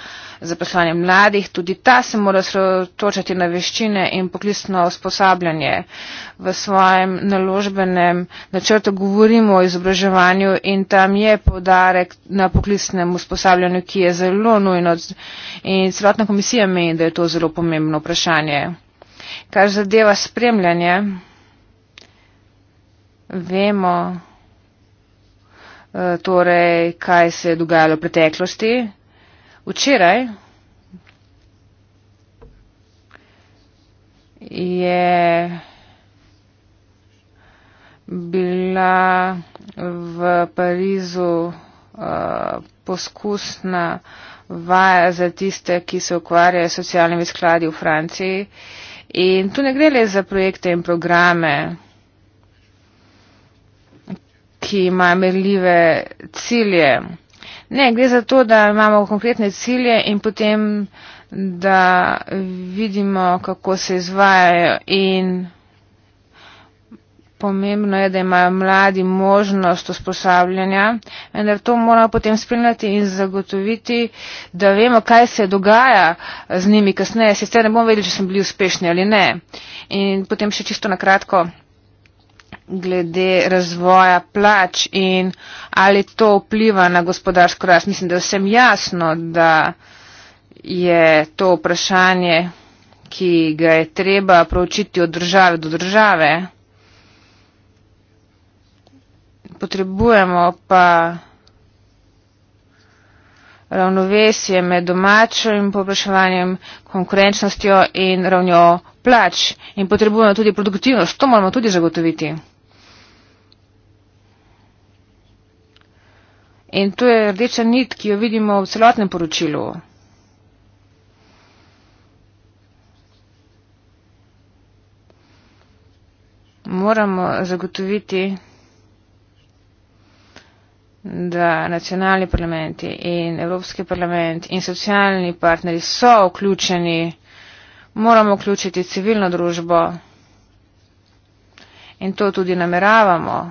zaposlanje mladih, tudi ta se mora sredotočati na veščine in poklicno usposabljanje. V svojem naložbenem načrtu govorimo o izobraževanju in tam je podarek na poklicnem usposabljanju, ki je zelo nujno in celotna komisija meni, da je to zelo pomembno vprašanje. Kar zadeva spremljanje vemo, eh, torej, kaj se je dogajalo v preteklosti. Včeraj je bila v Parizu eh, poskusna vaja za tiste, ki se ukvarjajo s socialnimi skladi v Franciji. In tu ne gre le za projekte in programe ki imajo merljive cilje. Ne, gre za to, da imamo konkretne cilje in potem, da vidimo, kako se izvajajo in pomembno je, da imajo mladi možnost usposabljanja, vendar to moramo potem spremljati in zagotoviti, da vemo, kaj se dogaja z njimi kasneje, sicer ne bomo vedeli, če smo bili uspešni ali ne. In potem še čisto na kratko glede razvoja plač in ali to vpliva na gospodarsko rast. Mislim, da vsem jasno, da je to vprašanje, ki ga je treba proučiti od države do države. Potrebujemo pa ravnovesje med domačim povpraševanjem, konkurenčnostjo in ravnjo plač. In potrebujemo tudi produktivnost. To moramo tudi zagotoviti. In to je rdeča nit, ki jo vidimo v celotnem poročilu. Moramo zagotoviti, da nacionalni parlamenti in Evropski parlament in socialni partneri so vključeni, moramo vključiti civilno družbo in to tudi nameravamo.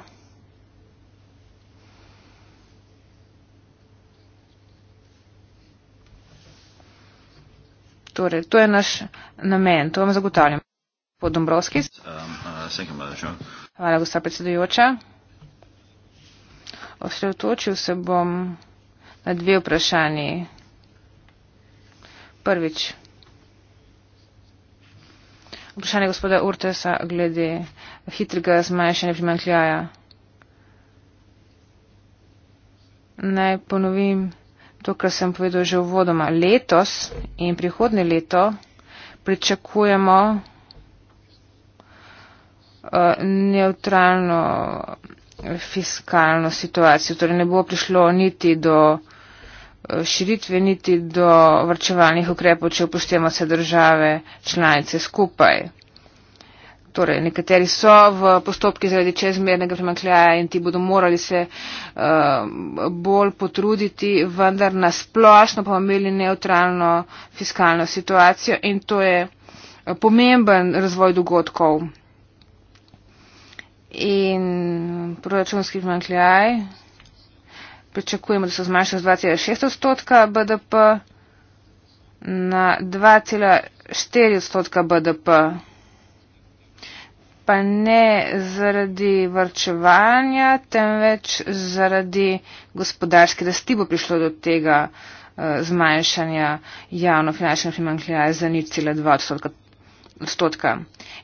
Torej, to je naš namen, to vam zagotavljam. Gospod Dombrovski. Um, uh, Hvala, gospod predsedujoča. Osredotočil se bom na dve vprašanje. Prvič. Vprašanje gospoda Urtesa glede hitrega zmanjšanja primankljaja. Naj ponovim to, kar sem povedal že uvodoma, letos in prihodne leto pričakujemo eh, neutralno eh, fiskalno situacijo. Torej ne bo prišlo niti do eh, širitve, niti do vrčevalnih ukrepov, če upoštevamo vse države članice skupaj torej nekateri so v postopki zaradi čezmernega primankljaja in ti bodo morali se uh, bolj potruditi, vendar nasplošno pa imeli neutralno fiskalno situacijo in to je eh, pomemben razvoj dogodkov. In proračunski primankljaj, pričakujemo, da se zmanjša z 2,6 odstotka BDP na 2,4 odstotka BDP pa ne zaradi vrčevanja, temveč zaradi gospodarske rasti bo prišlo do tega uh, zmanjšanja javnofinančnega primankljaja za nič cela dva odstotka, odstotka.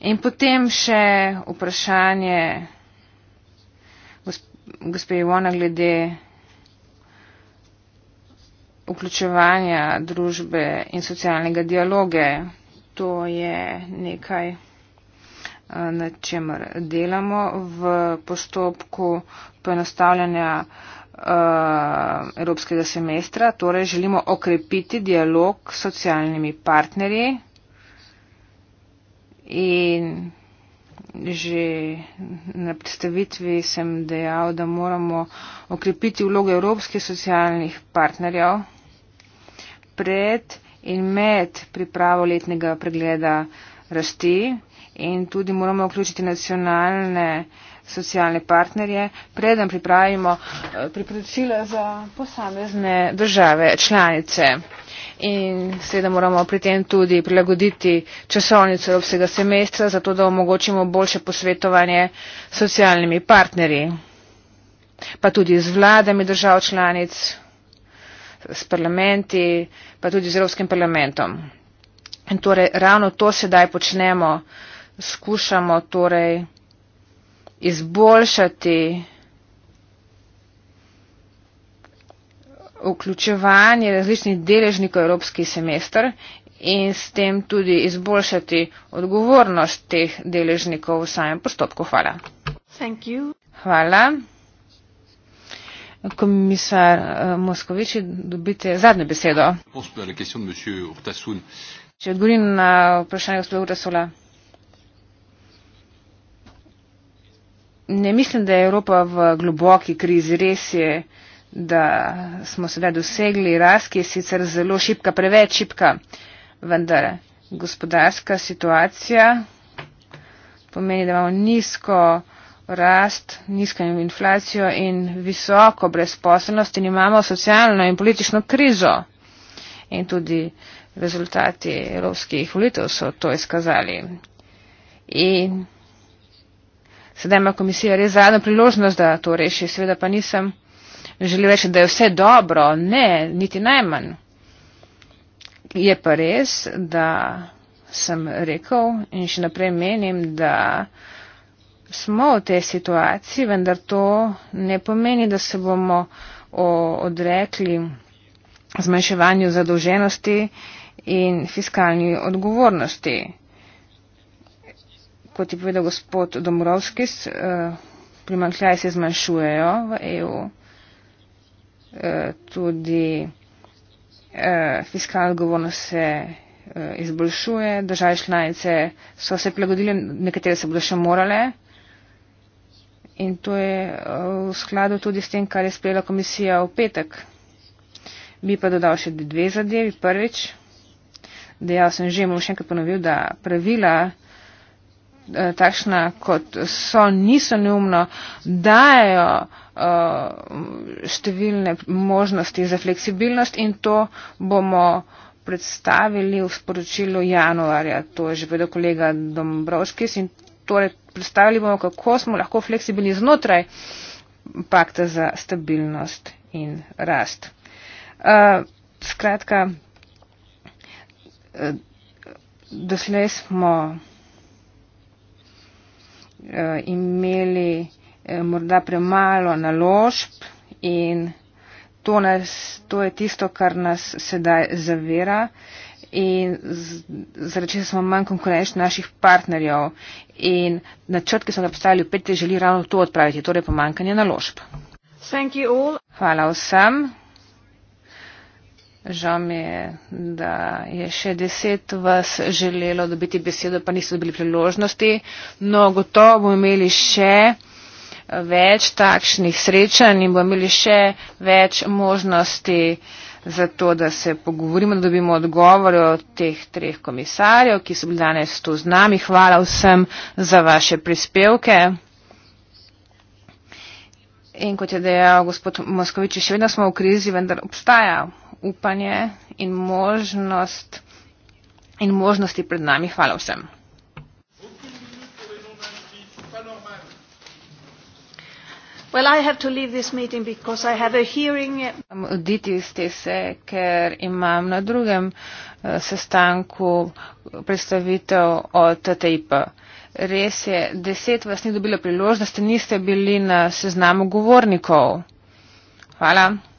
In potem še vprašanje gospe Ivona glede vključevanja družbe in socialnega dialoge. To je nekaj na čemer delamo v postopku poenostavljanja eh, evropskega semestra. Torej želimo okrepiti dialog s socialnimi partnerji in že na predstavitvi sem dejal, da moramo okrepiti vlogo evropskih socialnih partnerjev pred in med pripravo letnega pregleda rasti in tudi moramo vključiti nacionalne socialne partnerje, preden pripravimo eh, priporočila za posamezne države članice. In seveda moramo pri tem tudi prilagoditi časovnico evropskega semestra, zato da omogočimo boljše posvetovanje s socialnimi partnerji, pa tudi z vladami držav članic, s parlamenti, pa tudi z Evropskim parlamentom. In torej ravno to sedaj počnemo uh, skušamo torej izboljšati vključevanje različnih deležnikov Evropski semester in s tem tudi izboljšati odgovornost teh deležnikov v samem postopku. Hvala. Hvala. Komisar eh, Moskoviči, dobite zadnjo besedo. Če odgovorim na vprašanje gospoda Urtasula. ne mislim, da je Evropa v globoki krizi. Res je, da smo sedaj dosegli rast, ki je sicer zelo šipka, preveč šipka, vendar gospodarska situacija pomeni, da imamo nizko rast, nizko inflacijo in visoko brezposelnost in imamo socialno in politično krizo. In tudi rezultati evropskih volitev so to izkazali. In Sedaj ima komisija res zadnjo priložnost, da to reši. Sveda pa nisem želel reči, da je vse dobro. Ne, niti najmanj. Je pa res, da sem rekel in še naprej menim, da smo v tej situaciji, vendar to ne pomeni, da se bomo odrekli zmanjševanju zadolženosti in fiskalni odgovornosti kot je povedal gospod Domorovskis, eh, primankljaj se zmanjšujejo v EU, eh, tudi eh, fiskalna odgovornost se izboljšuje, države članice so se prilagodile, nekatere se bodo še morale. In to je v skladu tudi s tem, kar je sprejela komisija v petek. Bi pa dodal še dve zadevi. Prvič, dejal sem že, bom še enkrat ponovil, da pravila Eh, takšna kot so, niso neumno, dajo eh, številne možnosti za fleksibilnost in to bomo predstavili v sporočilu januarja. To je že povedal kolega Dombrovskis in torej predstavili bomo, kako smo lahko fleksibilni znotraj pakta za stabilnost in rast. Eh, skratka, doslej smo. Eh, imeli eh, morda premalo naložb in to, nas, to je tisto, kar nas sedaj zavira in zaradi česa smo manj konkurenčni naših partnerjev in načrt, ki smo ga postavili v petje, želi ravno to odpraviti, torej pomankanje naložb. Hvala vsem. Žal mi je, da je še deset vas želelo dobiti besedo, pa niste dobili priložnosti. No, gotovo bomo imeli še več takšnih srečanj in bomo imeli še več možnosti za to, da se pogovorimo, da dobimo odgovore od teh treh komisarjev, ki so bili danes tu z nami. Hvala vsem za vaše prispevke. In kot je dejal gospod Moskovič, še vedno smo v krizi, vendar obstaja upanje in možnost in možnosti pred nami. Hvala vsem. Well, I have to leave this meeting because I have a hearing. Oditi iz te se, ker imam na drugem eh, sestanku predstavitev od TTIP. Res je, deset vas ni dobilo priložnosti, niste bili na seznamu govornikov. Hvala.